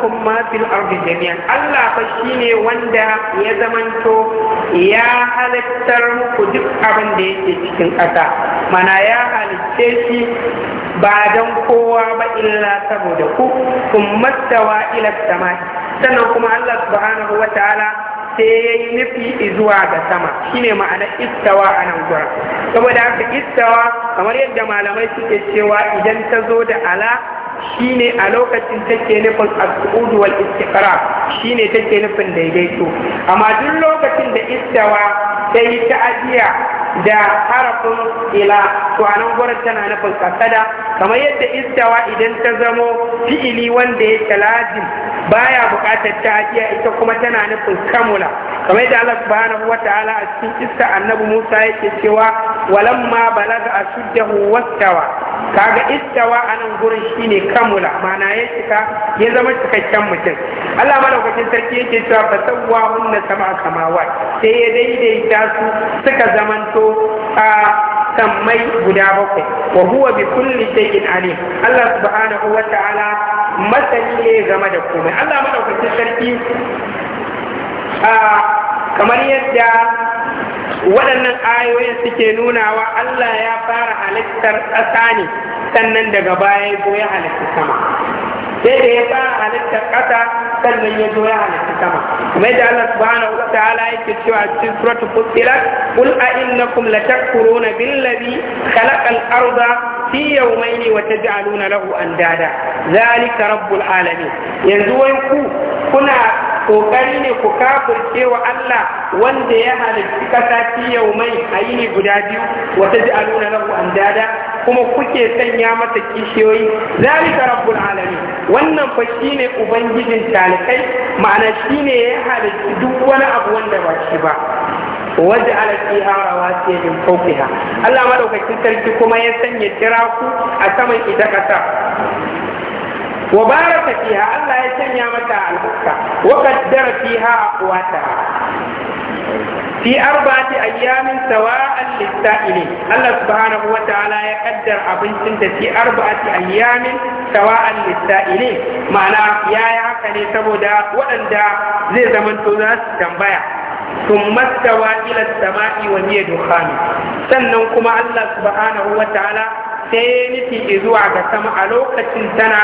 lakum ma fil ardi jami'an Allah fa shine wanda ya zamanto ya halittar muku duk abin da yake cikin ƙasa mana ya halicce shi ba don kowa ba illa saboda ku kun mastawa ila samai sannan kuma Allah subhanahu wa ta'ala sai ya yi nufi zuwa ga sama shine ma'ana istawa a nan gurin saboda haka istawa kamar yadda malamai suke cewa idan ta zo da ala shine a lokacin take nufin al-su'ud wal istiqra shine take nufin daidaito amma duk lokacin da istawa sai ajiya da harafin ila to anan gurin tana nufin kasada kamar yadda istawa idan ta zamo fi'ili wanda ya lazim baya buƙatar ajiya ita kuma tana nufin kamula kamar yadda Allah subhanahu wataala a cikin iska annabi Musa yake cewa walamma balaga ashuddahu wastawa kaga istawa a nan gurin shine kamula mana ya cika ya zama cikakken mutum Allah madaukakin sarki yake cewa fa sawwa hunna sama samawat sai ya daidaita su suka zamanto a sammai guda bakwai wa huwa bi kulli shay'in alim Allah subhanahu wa ta'ala masani ne game da komai Allah madaukakin sarki a kamar yadda waɗannan ayoyin suke nunawa Allah ya fara halittar ƙasa ne sannan daga baya ya ya halitta sama sai da ya fara halittar ƙasa sannan ya zo ya halitta sama kuma da Allah subhanahu wa ta'ala yake cewa a cikin suratul fussilat qul a innakum latakfuruna billadhi khalaqal arda fi yawmayni wa taj'aluna lahu andada zalika rabbul alamin yanzu wai ku kuna ƙoƙari ne ku kafirce wa Allah wanda ya halitta kasa yau mai a yini guda biyu wata ji aluna lahu andada kuma kuke sanya mata kishiyoyi zalika rabbul alamin wannan fa shine ubangijin talikai ma'ana shine ya halitta duk wani abu wanda ba shi ba wadda ala fiha rawasiya min fawqiha Allah madaukakin sarki kuma ya sanya tiraku a saman ita kasa wa baraka fiha Allah ya sanya mata albarka wa qaddara fiha aqwata fi arba'ati ayyamin sawa'an lis-sa'ilin Allah subhanahu wa ta'ala ya kaddar abincin da fi arba'ati ayyamin sawa'an lis-sa'ilin ma'ana yayi haka ne saboda waɗanda zai zamanto za su tambaya ثم استوى إلى السماء وهي دخان sannan kuma Allah subhanahu wa ta'ala sai nufi zuwa ga sama a lokacin tana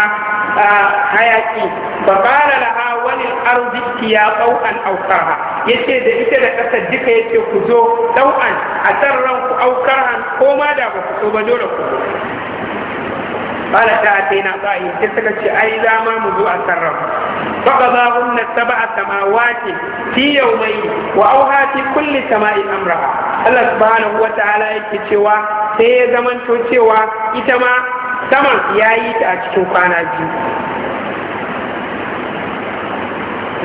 hayaki ba da laha wani arziki ya ɗau'an aukarha ya ce da ita da ƙasar duka ya ce ku zo ɗau'an a ku ranku aukarhan ko ma da ba ku so ba dole ku قال تأتينا ضائعين تسكت أي لا ما منذ أسرم فقضاهن سبع سماوات في يومين وأوهى في كل سماء أمرها الله سبحانه وتعالى يكتشوا سيزمن تشوا إتما سما يايت أشتو كان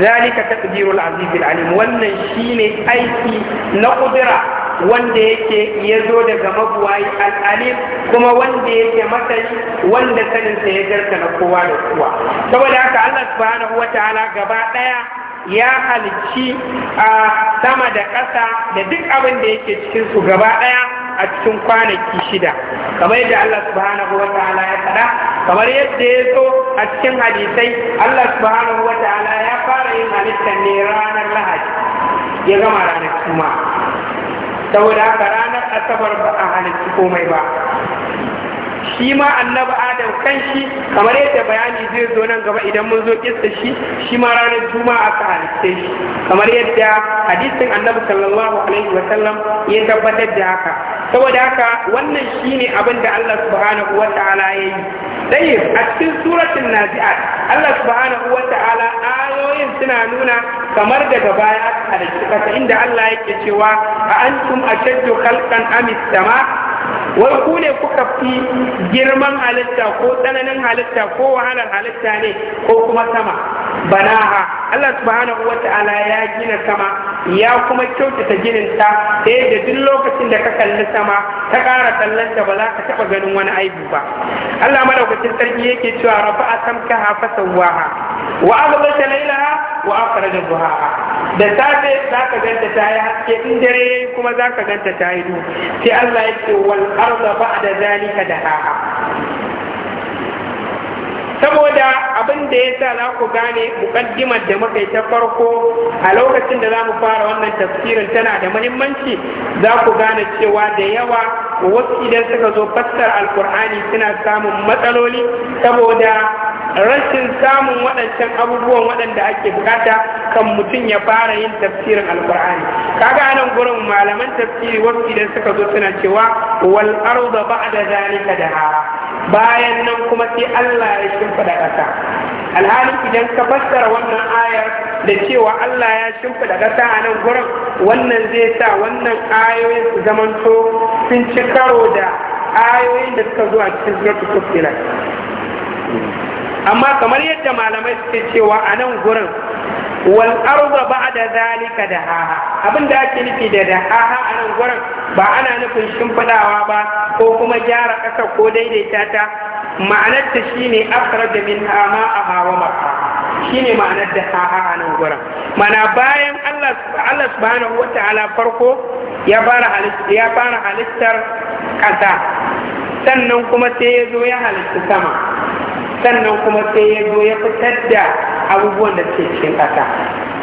ذلك تقدير العزيز العليم wannan shine aiki na kudura wanda yake ya zo daga mabuwayi al'alim kuma wanda yake matsayi wanda saninsa ya garka na kowa da kowa saboda haka Allah subhanahu ta'ala gaba ɗaya ya halici a sama da ƙasa da duk abin da yake cikin su gaba ɗaya a cikin kwanaki shida kamar yadda Allah subhanahu wa ta'ala ya faɗa kamar yadda ya zo a cikin hadisai Allah subhanahu wa ta'ala ya fara yin halittar ne ranar lahadi ya gama ranar kuma saboda haka ranar asabar ba a halitta komai ba shi ma annabi adam kan shi kamar yadda bayani zai zo nan gaba idan mun zo kista shi shi ma ranar juma'a aka halitta shi kamar yadda hadisin annabi sallallahu alaihi wa sallam ya tabbatar da haka saboda haka wannan shine abin da Allah subhanahu wa ta'ala ya yi dai a cikin suratun nazi'at Allah subhanahu ta'ala ayoyin suna nuna kamar daga baya aka da kasa inda Allah yake cewa a antum ashaddu khalqan am sama wai ku ne kuka fi girman halitta ko tsananin halitta ko wahalar halitta ne ko kuma sama banaha Allah subhanahu wata'ala ya gina sama ya kuma kyautata ginin ta ta da duk lokacin da ka kalli sama ta ƙara kallon ta ba za ka taɓa ganin wani aibu ba Allah madaukakin sarki yake cewa rafa a samka hafa sawaha wa aghbata lailaha wa akhraja duhaha da safe za ka ganta ta yi haske in dare kuma za ka ganta ta yi duhu sai Allah ya ce wal arda ba'da zalika dahaha saboda abin da ya sa za ku gane mukaddimar da muka yi ta farko a lokacin da za mu fara wannan tafsirin tana da muhimmanci za ku gane cewa da yawa wasu idan suka zo fassar alkur'ani suna samun matsaloli saboda rashin samun waɗancan abubuwan waɗanda ake bukata kan mutum ya fara yin tafsirin alkur'ani kaga anan gurin malaman tafsiri wasu idan suka zo suna cewa wal arda ba'da zalika da bayan nan kuma sai Allah ya shimfiɗa ƙasa alhalin idan ka fassara wannan ayar da cewa Allah ya shimfiɗa ƙasa a nan gurin wannan zai sa wannan ayoyin su zamanto sun ci karo da ayoyin da suka zo a cikin suratul amma kamar yadda malamai suke cewa a nan gurin wal arda ba'da zalika haha, abin da ake nufi da haha a nan gurin ba ana nufin shimfidawa ba ko kuma gyara ƙasa ko daidaita ta ma'anar ta shine da min hama a hawa maka shine ma'anar da haha a nan gurin mana bayan Allah Allah subhanahu wataala farko ya fara halitta ya fara halittar ƙasa sannan kuma sai ya zo ya halitta sama sannan kuma sai ya zo ya fitar da abubuwan da suke cikin ƙasa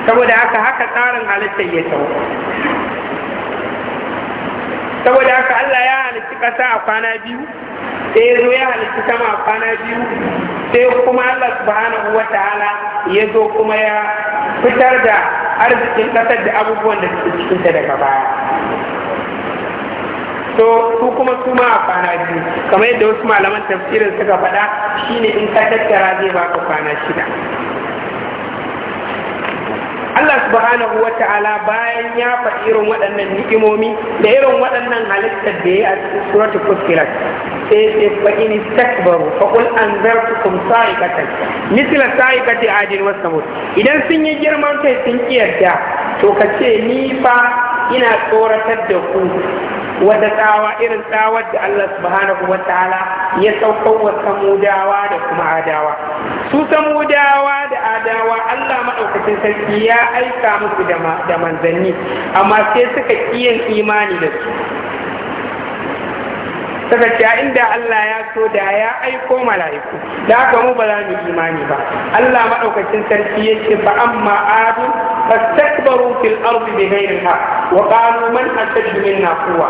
saboda haka haka tsarin halittar ya tau saboda haka Allah ya halitti ƙasa a kwana biyu sai ya zo ya halitti sama a kwana biyu sai kuma Allah subhanahu wa ta'ala ya zo kuma ya fitar da arzikin ƙasar da abubuwan da suke cikinta daga baya To su kuma su ma a kwana biyu kamar yadda wasu malaman tafsirin suka faɗa shine in ka tattara zai baka kwana shida Allah subhanahu wa ta'ala bayan ya faɗi irin waɗannan ni'imomi da irin waɗannan halittar da ya yi a surat suratu fusilat sai sai fa in istakbaru fa qul anzartukum sa'iqatan misla sa'iqati adin wa samud idan sun yi girman kai sun kiyarta to ka ce ni fa ina tsoratar da ku wata tsawa irin tsawar da Allah subhanahu wa ta'ala ya saukar wa samudawa da kuma adawa su samudawa da adawa Allah maɗaukacin sarki ya aika musu da manzanni amma sai suka kiyan imani da su suka ce inda Allah ya so da ya aiko mala'iku da haka mu ba za mu imani ba Allah madaukakin sarki yake fa amma adu fastakbaru fil ardi bighayri al-haq wa qalu man ashaddu minna quwwa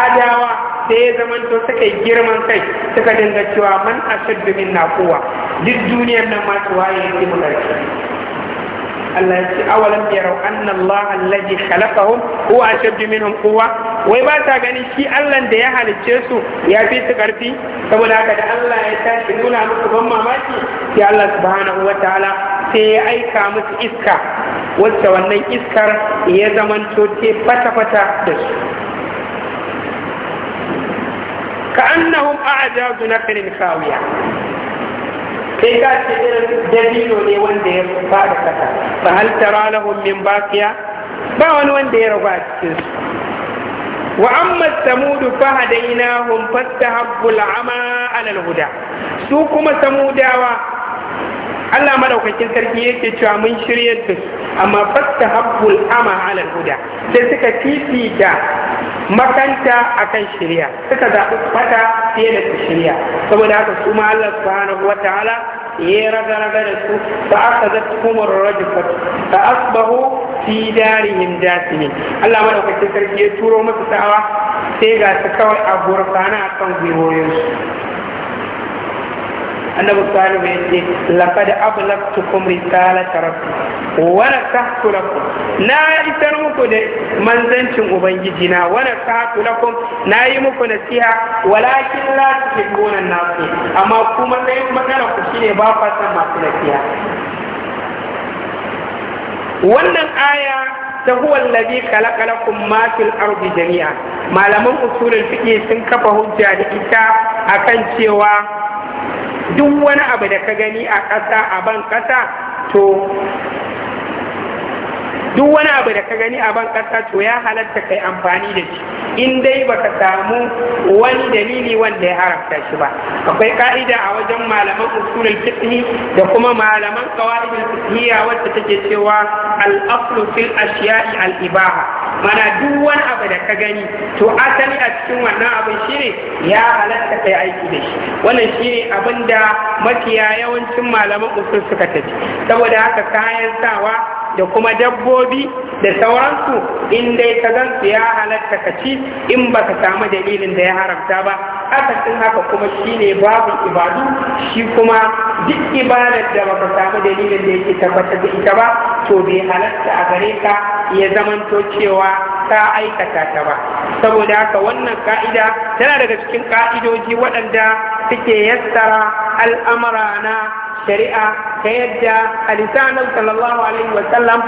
adawa sai ya zamanto suka girman kai suka dinga cewa man ashaddu minna quwwa duk duniyar nan ma waye yake mu Allah ya ce awalam yarau anna Allah allazi khalaqahum huwa ashaddu minhum quwwa wai ba ta gani shi Allah da ya halicce su ya fi su karfi saboda haka da Allah ya tashi nuna musu ban mamaki sai Allah subhanahu wataala sai ya aika musu iska wacce wannan iskar ya zamanto ce fata-fata da su ka annahum a'jazu nakrin kawuya. sai ka ce irin dabino ne wanda ya fada kasa fa hal tara lahum min baqiya ba wani wanda ya rabu a cikin su wa amma samudu fa hadainahum fastahabbu al'ama 'ala al-huda su kuma samudawa Allah madaukakin sarki yake cewa mun shirye da su amma fastahabbu al'ama 'ala al-huda sai suka fifita makanta akan shirya suka zaɓi fata fiye da su shirya saboda haka su ma Allah subhanahu wa ta'ala ya raga raga da su fa aka zata kuma rajifat fa asbahu fi darihim jasimi Allah madaukakin sarki turo sa'awa sai ga su kawai a gurfana akan gwiwoyinsu annabi salihu ya ce laqad ablaqtukum risalata rabbi wa nasahtu lakum na isar muku da manzancin ubangiji na wa nasahtu lakum na yi muku nasiha walakin la tuhibbuna nasu amma kuma sai magana ku shine ba ku san masu nasiha wannan aya ta huwa alladhi khalaqa lakum ma fil ardi jami'a malaman usulul fiqh sun kafa hujja da ita akan cewa duk wani abu da ka gani a ƙasa a ban ƙasa to duk wani abu da ka gani a ban ƙasa to ya halatta kai amfani da shi in dai ba ka samu wani dalili wanda ya haramta shi ba akwai ka'ida a wajen malaman usulul fiqh da kuma malaman qawaidul fiqhiyya wacce take cewa al-aslu fil ashiya'i al-ibaha mana duk wani abu da ka gani to asali a cikin wannan abin shine ya halatta kai aiki da shi wannan shine abin da mafiya yawancin malaman usul suka tafi saboda haka kayan sawa da kuma dabbobi da sauransu in dai ka zan ya halatta ka ci in ba ka samu dalilin da ya haramta ba akasin haka kuma shi ne babu ibadu shi kuma duk ibadar da ka samu dalilin da yake tabbatar da ita ba to bai halatta a gare ka ya zamanto cewa ka aikata ta ba saboda haka wannan ka'ida tana daga cikin ka'idoji waɗanda suke yassara al'amara na shari'a ta yadda alisanan sallallahu alaihi wasallam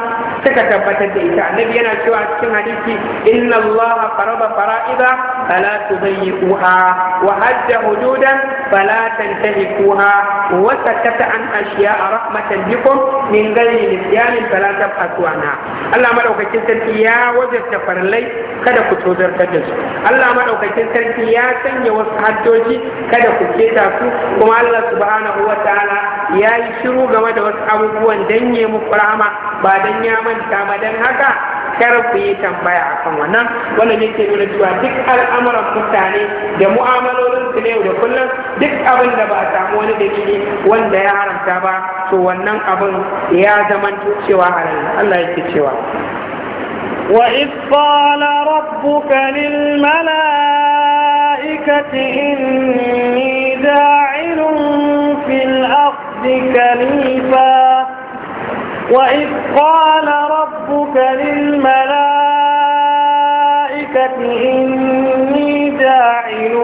suka tabbatar da ita annabi yana cewa cikin hadisi inna Allah farada fara'ida fala yi wa hajja hududan فلا تنتهكوها وسكت عن أشياء رحمة بكم من غير نسيان فلا تبحثوا عنها الله ما لو كنت يا وزر تفرلي kada ku tozartar da su Allah madaukakin sarki ya sanya wasu hajjoji kada ku keta su kuma Allah subhanahu wa ta'ala ya yi shiru game da wasu abubuwan danye muku rahama ba dan ya manta ba dan haka kar ku yi tambaya akan wannan wannan yake nuna cewa duk al'amuran mutane da mu'amalolin su yau da kullum duk abin da ba a samu wani dalili wanda ya haramta ba to wannan abin ya zama cewa halal Allah yake cewa وإذ قال ربك للملائكة إني جاعل في الأرض خليفة وإذ قال ربك للملائكة إني جاعل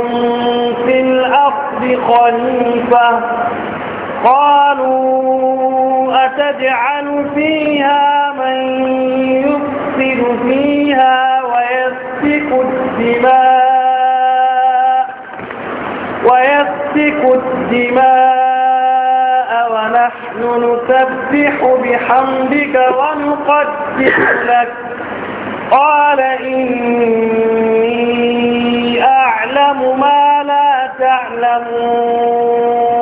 في الأرض خليفة قالوا أتجعل فيها من يفسد فيها ويسفك الدماء ويسفك الدماء ونحن نسبح بحمدك ونقدس لك قال إني أعلم ما Alla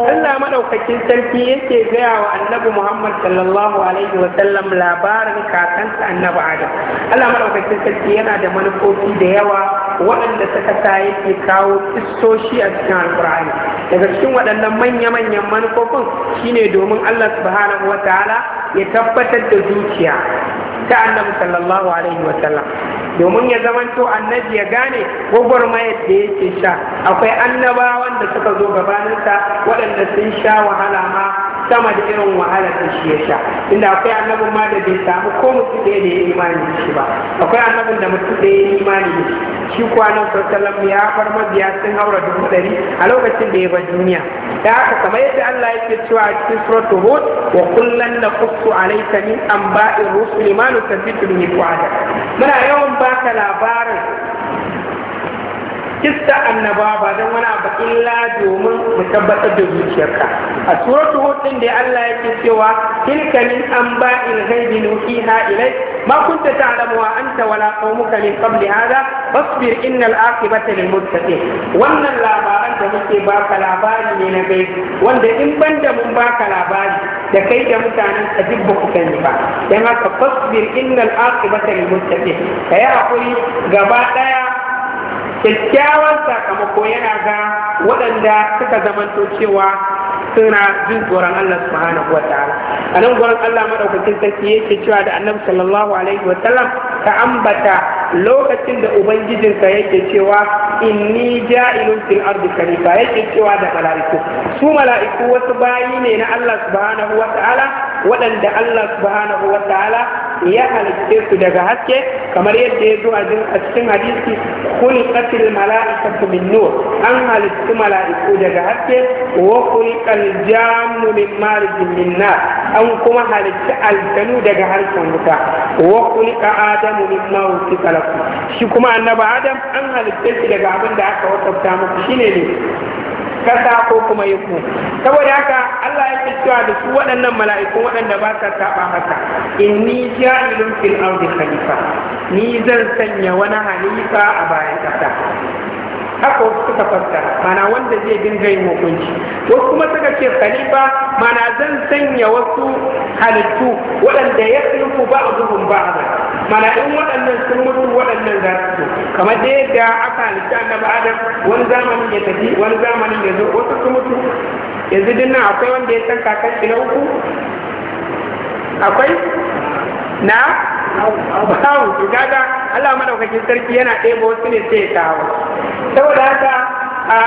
Allah madaukakin sarki yake gaya wa annabi Muhammad sallallahu alaihi wa sallam labarin kakansa annabi Adam Allah maɗaukacin sarki yana da manufofi da yawa waɗanda suka sa yake kawo kistoshi a cikin alkur'ani daga cikin waɗannan manya-manyan manufofin shine domin Allah subhanahu wata ta'ala ya tabbatar da zuciya ta annabi sallallahu alaihi wa sallam domin ya zamanto annabi ya gane mayar da yake sha akwai annabawan da suka zo gabaninsa waɗanda sun sha wahala ma sama da irin wahalar da shi ya sha inda akwai annabin ma da bai samu ko mutum ɗaya da ya imani da shi ba akwai annabin da mutum ɗaya ya imani da shi shi kuwa nan sallallahu ya far mabiya sun haura dubu ɗari a lokacin da ya ba duniya da haka kamar yadda Allah yake cewa a cikin suratul hud wa kullan naqussu alayka min anba'ir rusuli ma nusabbitu bihi fu'adak muna yawan baka labarin kista annaba ba don wani abu illa domin mu tabbatar da zuciyarka a suratu hudun da Allah yake cewa tilka min anba il ghaibi nuhiha ilai ma kunta ta'lamuha anta wala qaumuka min qabli hadha fasbir innal aqibata lil muttaqin wannan labaran da muke baka labari ne na gaibi wanda in banda mun baka labari da kai da mutanen ka duk ba ku sani ba dan haka fasbir innal aqibata lil muttaqin kai hakuri gaba daya kyakkyawan sakamako yana ga waɗanda suka zamanto cewa suna jin tsoron Allah subhanahu wa ta'ala a nan gurin Allah madaukakin sarki yake cewa da annabi sallallahu alaihi wa sallam ka ambata lokacin da ubangijinka yake cewa inni ja'ilun fil ardi khalifa yake cewa da mala'iku su mala'iku wasu bayi ne na Allah subhanahu wa ta'ala waɗanda Allah subhanahu wa ta'ala ya halitte su daga haske kamar yadda ya zo a cikin hadisi khuliqatil mala'ikatu min nur an halittu mala'iku daga haske wa khuliqal aljamu min marijin min an kuma halitta aljanu daga harshen wuta wa kulika adamu min ma kalaku shi kuma annaba adam an halitta shi daga abin da aka wasafta muku shine ne kasa ko kuma yi ku saboda haka Allah ya cewa da su waɗannan mala'iku waɗanda ba sa saba haka inni ja'ilun fil ardi khalifa ni zan sanya wani halifa a bayan kasa haka wasu suka fassara mana wanda zai dinga yin hukunci wasu kuma suka ce khalifa mana zan sanya wasu halittu waɗanda ya tsinku ba a zuhun ba a mana in waɗannan sun mutu waɗannan za su kamar da yadda aka halitta annabi adam wani zamanin ya tafi wani zamanin ya zo wasu sun mutu yanzu dinnan akwai wanda ya san kakan shi na uku akwai na bawu gada Allah madaukakin sarki yana ɗebo wasu ne sai ya kawo saboda haka a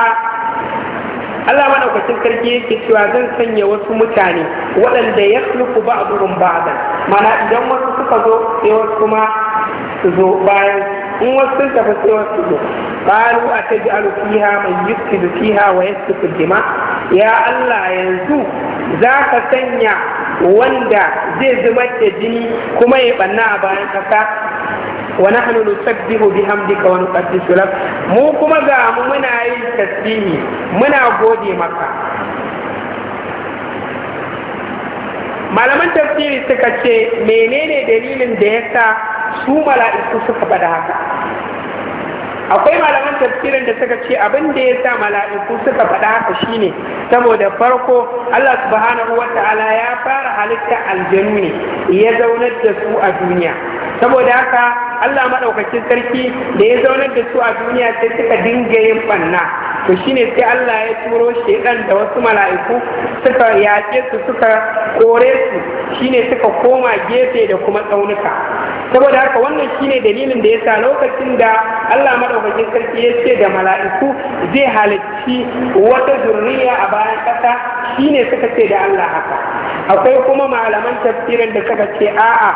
Allah madaukakin sarki yake cewa zan sanya wasu mutane waɗanda ya sulku ba a gurin ba'adan mana idan wasu suka zo sai wasu kuma su zo bayan in wasu sun tafi sai wasu zo qalu ataj'alu fiha man yufsidu fiha wa yasfiku dima ya Allah yanzu za ka sanya wanda zai zama da jini kuma ya banna a bayan kasa wa nahnu nusabbihu bihamdika wa nuqaddisu lak mu kuma ga mu muna yi tasbihi muna gode maka malaman tafsiri suka ce menene dalilin da yasa su mala'iku suka faɗa haka akwai malaman tafsirin da suka ce abin da ya sa mala'iku suka faɗa haka shine saboda farko Allah subhanahu wata'ala ya fara halitta aljanu ne ya zaunar da su a duniya saboda haka Allah maɗaukacin sarki da ya zaunar da su a duniya sai suka dinga yin banna to shine sai Allah ya turo shaidan da wasu mala'iku suka yaƙe su suka kore su shine suka koma gefe da kuma tsaunuka saboda haka wannan shine dalilin da yasa lokacin da Allah maɗaukakin sarki ya ce da mala'iku zai halarci wata zurriya a bayan ƙasa shine suka ce da Allah haka akwai kuma malaman tafsirin da suka ce a'a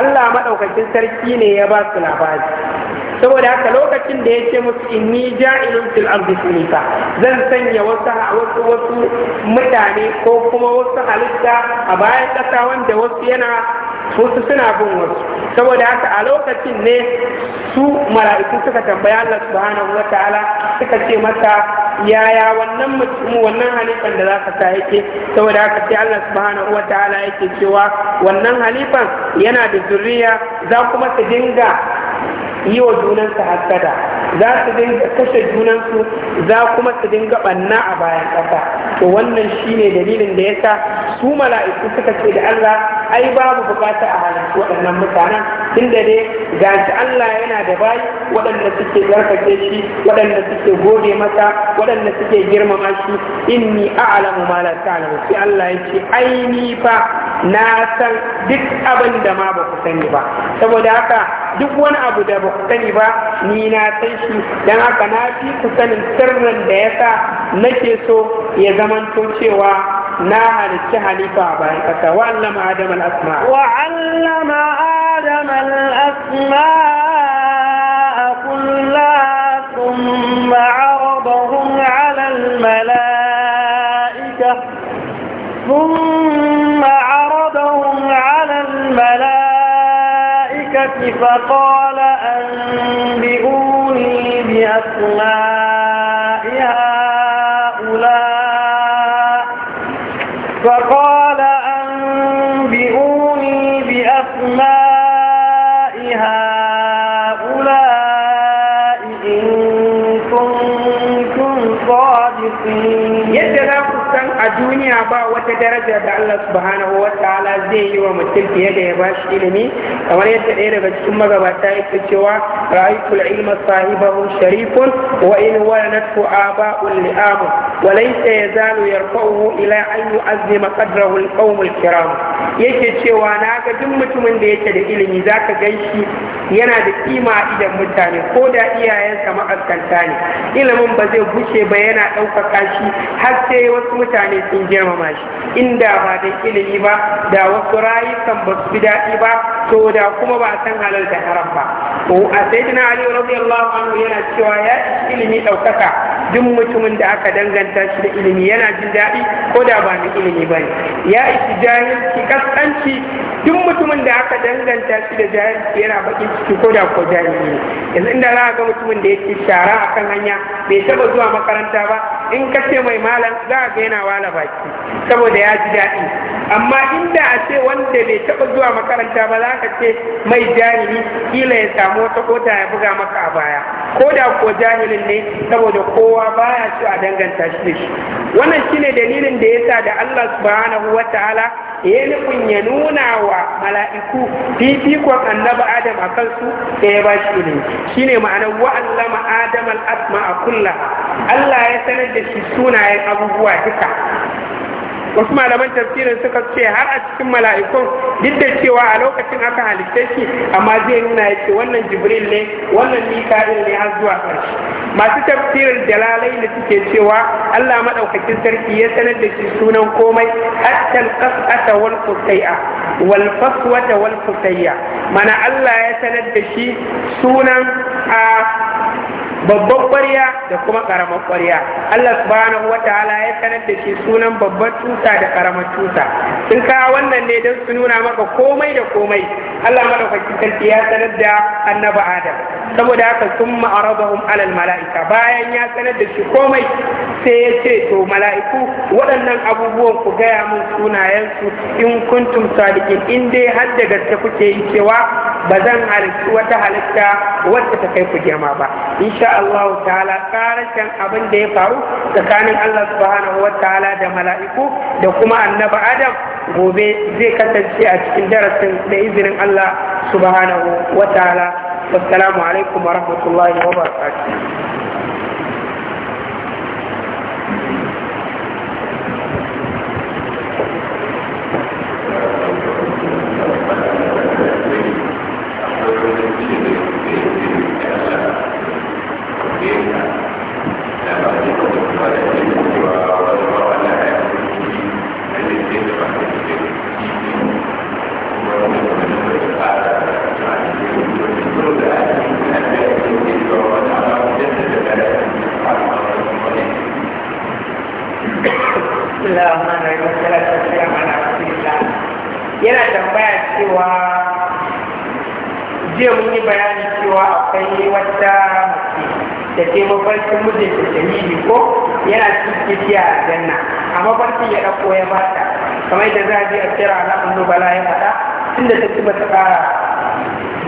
Allah maɗaukacin sarki ne ya ba. su labari saboda haka lokacin da ya ce musu inni ja'ilun fil ardi khalifa zan sanya wasu wasu wasu mutane ko kuma wasu halitta a bayan ƙasa wanda wasu yana wasu suna bin wasu saboda haka a lokacin ne su mala'iku suka tambaya Allah subhanahu wa ta'ala suka ce masa yaya wannan mutum wannan halifan da zaka sa yake saboda haka sai Allah subhanahu wa ta'ala yake cewa wannan halifan yana da zuriya za kuma su dinga yi wa junansa hasada za su dinga kashe junansu za kuma su dinga banna a bayan ƙasa to wannan shine dalilin da ya yasa su mala'iku suka ce da Allah ai babu bukata a halin waɗannan mutanen tunda dai ga Allah yana da bayi waɗanda suke zarkace shi waɗanda suke gode masa waɗanda suke girmama shi inni a'lamu ma la ta'lamu sai Allah ya ce ai fa na san duk abin da ma ba ku sani ba saboda haka duk wani abu da ba ku sani ba ni na san shi don haka na fi ku sanin sirrin da ya sa nake so ya zamanto cewa na halicci halifa a bayan ƙasa wa allama adam al-asma wa allama adam al-asma kullakum ma'a فقال أنبئوني بأسمائي ga daraja da Allah subhanahu wa ta'ala zai yi wa mutum fiye da ya bashi ilimi kamar yadda ɗaya daga cikin magabata yake cewa ra'aytul ilma sahibahu sharifun wa in walanatu aba'ul li'amun وليس يزال يرفعه الى ان يعظم قدره القوم الكرام yake cewa na ga duk mutumin da yake da ilimi za ka gan yana da kima idan mutane ko da iyayensa ma'askanta ne ilimin ba zai bushe ba yana ɗaukaka shi har sai wasu mutane sun girmama shi inda ba da ilimi ba da wasu rayukan ba su daɗi ba to da kuma ba a san halal da haram ba to a sayyidina ali radiyallahu anhu yana cewa ya ilimi ɗaukaka duk mutumin da aka danganta shi da ilimi yana jin daɗi ko da ba na ilimi ba ne ya isi jahilci kaskanci duk mutumin da aka danganta shi da jahilci yana bakin ciki ko da ko jahilci. ne yanzu inda za a ga mutumin da yake shara akan hanya bai taɓa zuwa makaranta ba in ka ce mai malam za a ga yana wala baki saboda ya ji daɗi amma inda a ce wanda bai taɓa zuwa makaranta ba za ka ce mai jahili kila ya samu wata kota ya buga maka a baya ko da ko jahilin ne saboda kowa baya so a danganta shi da shi wannan shine dalilin da yasa da Allah subhanahu Ta'ala ya nufin ya nuna wa mala'iku fifikon annabi Adam a kansu da ya ba shi ne shine ma'anar wa'allama Adam al'asma a kulla Allah ya sanar da shi sunayen abubuwa duka wasu malaman tafsirin suka ce har a cikin mala'ikun duk da cewa a lokacin aka halitta shi amma zai nuna ya ce wannan jibril ne wannan mika'il ne har zuwa ƙarshe masu tafsirin dalalai da suke cewa Allah maɗaukakin sarki ya sanar da shi sunan komai attal qasata wal qusayya wal faswata wal qusayya mana Allah ya sanar da shi sunan a babban ƙwarya da kuma ƙaramar ƙwarya Allah subhanahu wa ta'ala ya sanar da shi sunan babbar tuta da ƙaramar tuta sun kawo wannan ne don su nuna maka komai da komai Allah madaukakin sarki ya sanar da annabi Adam saboda haka sun ma'arabahum alal mala'ika bayan ya sanar da shi komai sai ya ce to mala'iku waɗannan abubuwan ku gaya min sunayensu in kuntum sadiqin in dai har da gaske kuke yi cewa ba zan halittu wata halitta wacce ta kai ku girma ba insha Allah ta'ala karashin abin da ya faru tsakanin Allah subhanahu wa ta'ala da mala'iku da kuma annaba Adam gobe zai kasance a cikin darasin da izinin Allah subhanahu wa ta'ala Assalamu alaikum wa rahmatullahi wa barakatuh bishiya a janna a mafarkin ya ɗauko ya bata kamar da za a ji a kira alamun bala ya faɗa inda ta ci ba ta ƙara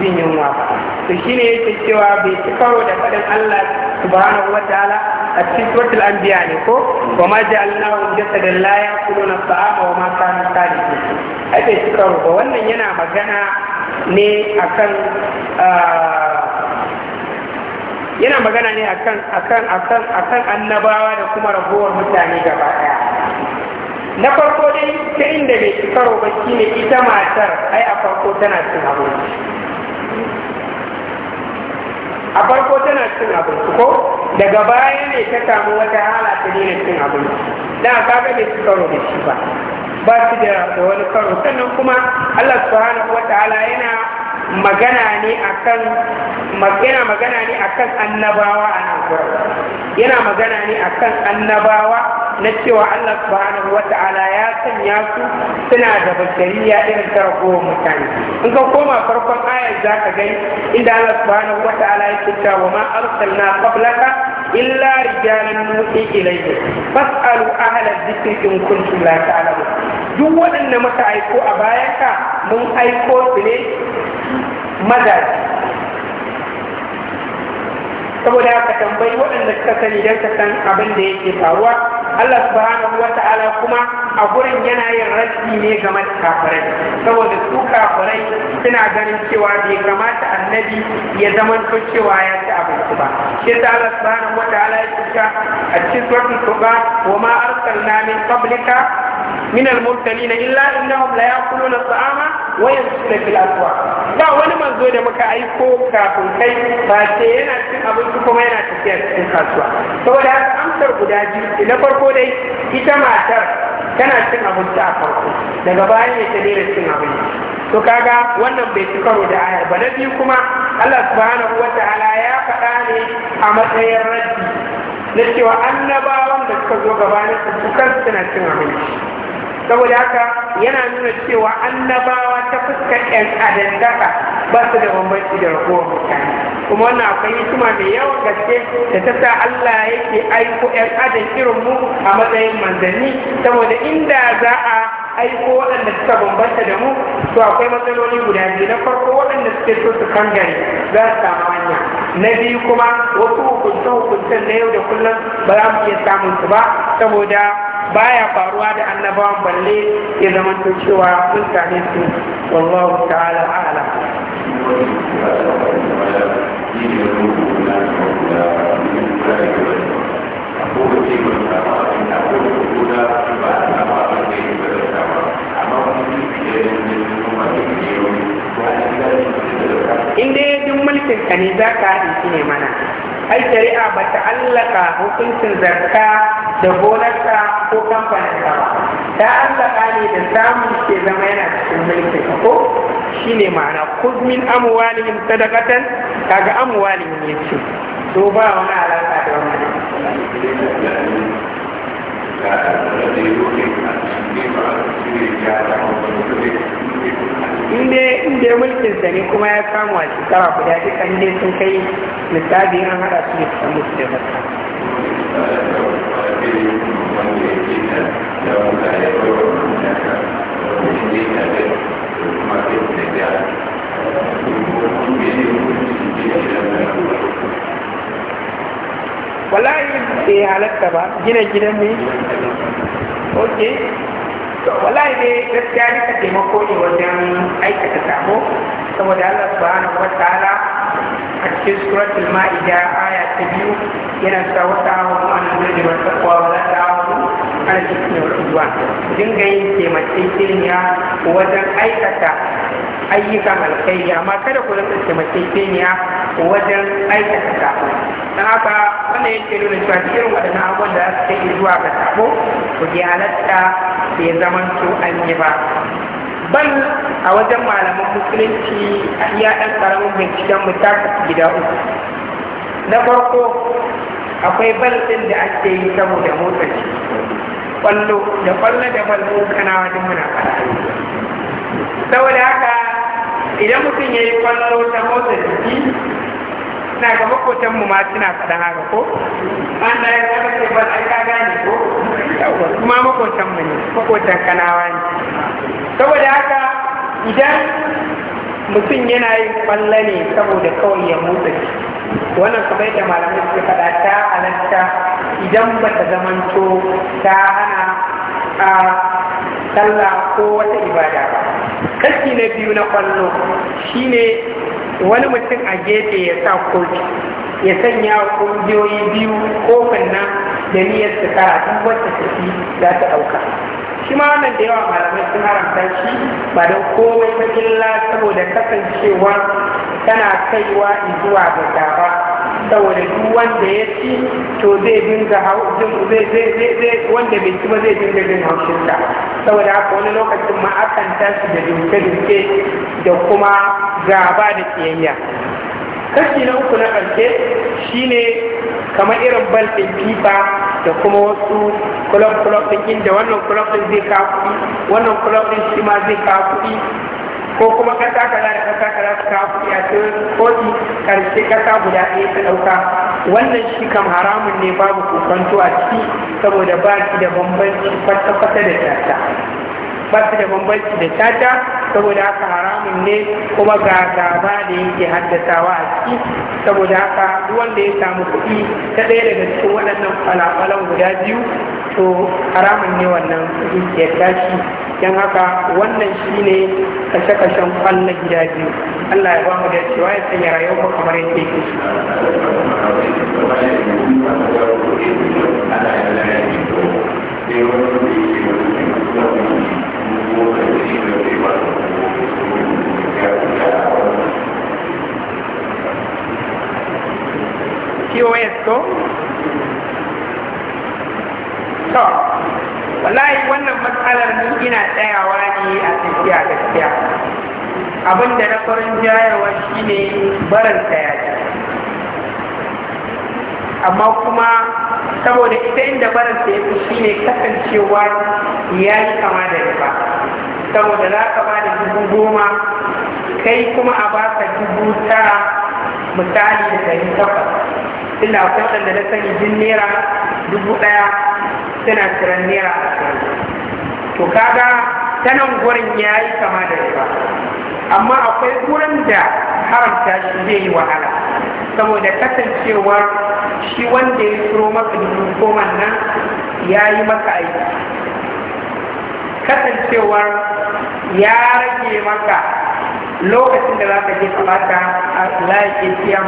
jin yunwa ba to shine yake cewa bai ci karo da faɗin Allah subhanahu wa ta'ala a cikin suratul anbiya ne ko wa ma ja'alnahum jasadan la ya'kuluna na sa'a wa ma kanu salihin ai bai ci karo ba wannan yana magana ne akan ah, yana magana ne akan akan akan akan annabawa da kuma rabuwar mutane gaba ɗaya na farko dai ta inda bai ci karo ba ne ita matar ai a farko tana cin abinci a farko tana cin abinci ko daga baya ne ta samu wata hala ta daina cin abinci da ga bai ci karo da shi ba ba su da wani karo sannan kuma Allah subhanahu wataala yana magana ne akan magana magana ne akan annabawa a nan yana magana ne akan annabawa na cewa Allah subhanahu wata'ala ya sanya su suna da bashariya irin ta ragowar mutane in ka koma farkon ayar zaka gani inda Allah subhanahu wata'ala ya ce wa ma arsalna qablaka illa rijalun nuhi ilayhi fas'alu ahla dhikri in kuntum la ta'lamun duk waɗanda muka aiko a bayanka mun aiko su ne saboda haka tambayi waɗanda suka sani don ka san abin da yake faruwa Allah subhanahu wa ta'ala kuma a gurin yana yin rashi ne game da kafirai saboda su kafirai suna ganin cewa bai kamata annabi ya zama to cewa ya ci abinci ba shi yasa Allah subhanahu wa ta'ala ya tuka a cikin suratul tuba wa ma arsalna min qablika min al-mursalin illa innahum la ya'kuluna taama wayan suna fil aswa ba wani manzo da muka aiko kafin kai ba sai yana cin abinci kuma yana tafiya cikin kasuwa saboda haka amsar guda biyu na farko dai ita matar tana cin abinci a farko daga bayan ya ta daina cin abinci to kaga wannan bai ci karo da ayar ba na biyu kuma Allah subhanahu wa ta'ala ya faɗa ne a matsayin raddi na cewa annabawan da suka zo gabanin su kansu suna cin abinci saboda haka yana nuna cewa annabawa ta fuskar yan daga ba su da bambanci da ragowar mutane kuma wannan akwai hikima mai yawan gaske da ta sa Allah yake aiko yan adam irin mu a matsayin manzanni saboda inda za a aiko waɗanda suka bambanta da mu to akwai matsaloli guda biyu na farko waɗanda suke so su kangare za su samu hanya na biyu kuma wasu hukunce hukuncen na yau da kullum ba za mu iya samun su ba saboda baya faruwa da annabawan balle ya zama to cewa mun su wallahu ta'ala ala in dai duk mulkin ka ne za ka haɗe shi ne mana ai shari'a ba ta allaka hukuncin zarka da gonarka ko ta allaka ne da samun ke zama yana cikin mulkin ko shi ne ma'ana kuz min amwalihim sadaqatan kaga amwalihim ce to ba wani alaka da wannan inde inde mulkin sa ne kuma ya samu a shekara guda duk an dai sun kai misali an hada su ne da musu da zakka wallahi bai halatta ba gina gina ne ok wallahi dai gaskiya ne ka taimako ne wajen aikata samu saboda Allah subhanahu wa ta'ala a cikin suratul ma'ida aya ta biyu yana sa wata hawa wani da ba ta arzikin ruwa dinga yin taimakekeniya wajen aikata ayyukan alkhairi amma kada ku rinka taimakekeniya wajen aikata sabo don haka ya ke nuna cewa irin waɗannan abubuwan da za su kai zuwa ga sabo ku ji halatta bai zaman su an yi ba Ban a wajen malaman musulunci a iya ɗan ƙaramin binciken mu ta gida uku na farko akwai bal ɗin da ake yi saboda motsa jiki kwallo da kwallo da bal ko kana duk muna fara saboda haka idan mutum ya yi kwallo ta motsa jiki na ga makotan mu ma suna faɗa haka ko an da ya zama ce ba a ka gane ko kuma makotan mu ne makotan kanawa ne saboda haka idan mutum yana yin kwallo ne saboda kawai ya motsa jiki wannan kamar yadda malamai suke faɗa ta halatta idan ba ta zamanto ta hana a sallah ko wata ibada ba kashi na biyu na kwallo shine wani mutum a gefe ya sa kofi ya sanya ƙungiyoyi biyu kofin nan da niyyar su kara duk wata tafi za ta ɗauka shi ma wannan da yawa malamai sun haramta shi ba don komai ba illa saboda kasancewa tana kaiwa zuwa ga gaba saboda duk wanda ya ci to zai dinga zai wanda bai ci ba zai dinga jin haushin sa saboda haka wani lokacin ma akan tashi da dinke dinke da kuma gaba da kiyayya kashi na uku na ƙarshe shine kamar irin bal ɗin fifa da kuma wasu kulob-kulob din inda wannan kulob din zai kawo kuɗi wannan kulob din shi ma zai kawo kuɗi ko kuma kasa kaza da kasa kaza su kawo kuɗi a cikin kodi karshe kasa guda ɗaya ta ɗauka wannan shi kam haramun ne babu kokonto a ciki saboda ba shi da bambanci kwata-kwata da jata ba su da bambanci da tata saboda haka haramun ne kuma ga gaba da yake haddasawa a ciki saboda haka duk wanda ya samu kuɗi ta ɗaya daga cikin waɗannan falafalan guda biyu to haramun ne wannan ya tashi don haka wannan shi ne kashe-kashen kwallon gida biyu Allah ya ba mu da cewa ya sanya rayuwa kamar yadda yake shi Thank you. POS ko? To, wallahi wannan matsalar ni ina tsayawa ne a tafiya gaskiya. Abin da na farin jayarwa shine ne barin tsaya amma kuma saboda ita inda barin ya fi shi ne kasancewa ya yi kama da riba saboda za ka ba da dubu goma kai kuma a ba ka dubu tara misali da ɗari takwas inda akwai da na sani jin naira dubu ɗaya suna tiran naira ashirin to kaga ta nan gurin ya yi kama da riba amma akwai wurin da haramta shi zai yi wahala saboda kasancewa shi wanda ya turo maka dubu goma nan ya yi maka aiki kasancewar ya rage maka lokacin da za ka je kamata a siyan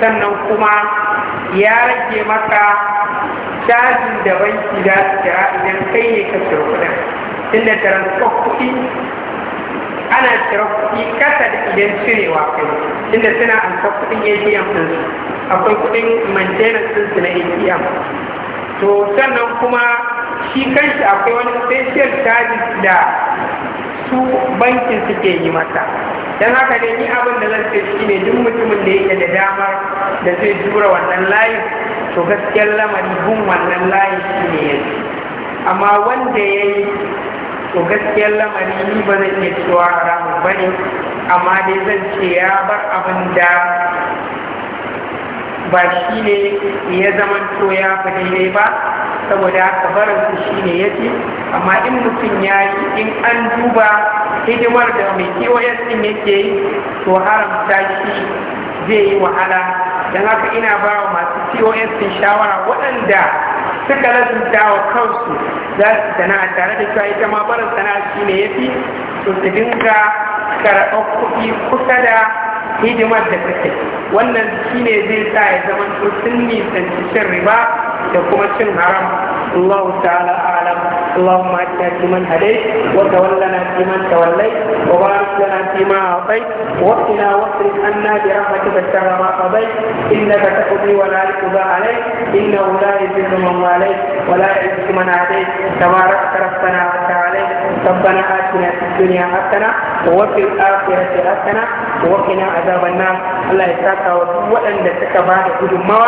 sannan kuma ya rage maka cajin da banki za su idan kai ne ka ciro kudin inda transport kuɗi ana tsirar kuɗi kasa da idan cirewa kai inda suna amsa kuɗin atm su, akwai kuɗin maintenance ɗinsu na atm to sannan kuma shi kanshi akwai wani special charges da su bankin suke yi masa don haka ne ni abin da zan ce shi ne duk mutumin da yake da damar da zai jura wannan layi, to gaskiyar lamari bin wannan layin shi ne yanzu amma wanda ya yi to gaskiyar lamari ni ba zan iya cewa haramu ba ne amma dai zan ce ya bar abin da ba shi ne ya zama to ya fi daidai ba saboda haka barin su shi ne ya ce amma in mutum ya yi in an duba hidimar da mai kewayen ɗin yake yi to haramta shi zai yi wahala don haka ina ba wa masu pos shawara waɗanda suka lazumta wa kansu za su sana'a tare da cewa ita ma barin sana'a shi ne ya fi su su dinga karɓar kuɗi kusa da hidimar da kake wannan shi ne zai sa ya zama sun nisan cin riba da kuma cin haram Allah ta'ala اللهم اهدنا فيمن هديت وتولنا فيمن توليت وبارك لنا فيما اعطيت وقنا واصرف عنا برحمتك الشر ما قضيت انك تقضي ولا يقضى عليك انه لا يذل من واليت ولا يعز من عليك تبارك ربنا وتعالى ربنا آتنا في الدنيا حسنة وفي الآخرة حسنة وقنا عذاب النار الله يساك وأن لك بعد قدمة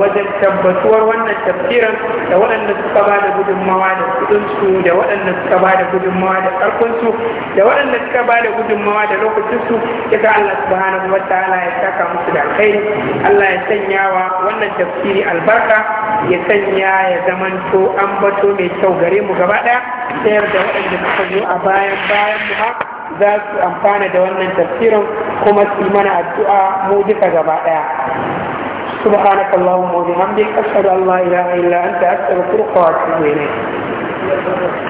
wajen tabbatuwar wannan tafsirin da waɗanda suka ba da gudunmawa da kudinsu da waɗanda suka ba da gudunmawa da ƙarfinsu da waɗanda suka ba da gudunmawa da lokacinsu daga Allah subhanahu wa ta'ala ya saka musu da alkhairi Allah ya sanya wa wannan tafsiri albarka ya sanya ya zamanto an bato mai kyau gare mu gaba ɗaya sayar da waɗanda suka zo a bayan bayan mu za su amfana da wannan tafsirin kuma su mana addu'a mu duka gaba daya سبحانك اللهم وبحمدك أشهد أن لا إله إلا أنت أستغفرك وأتوب إليك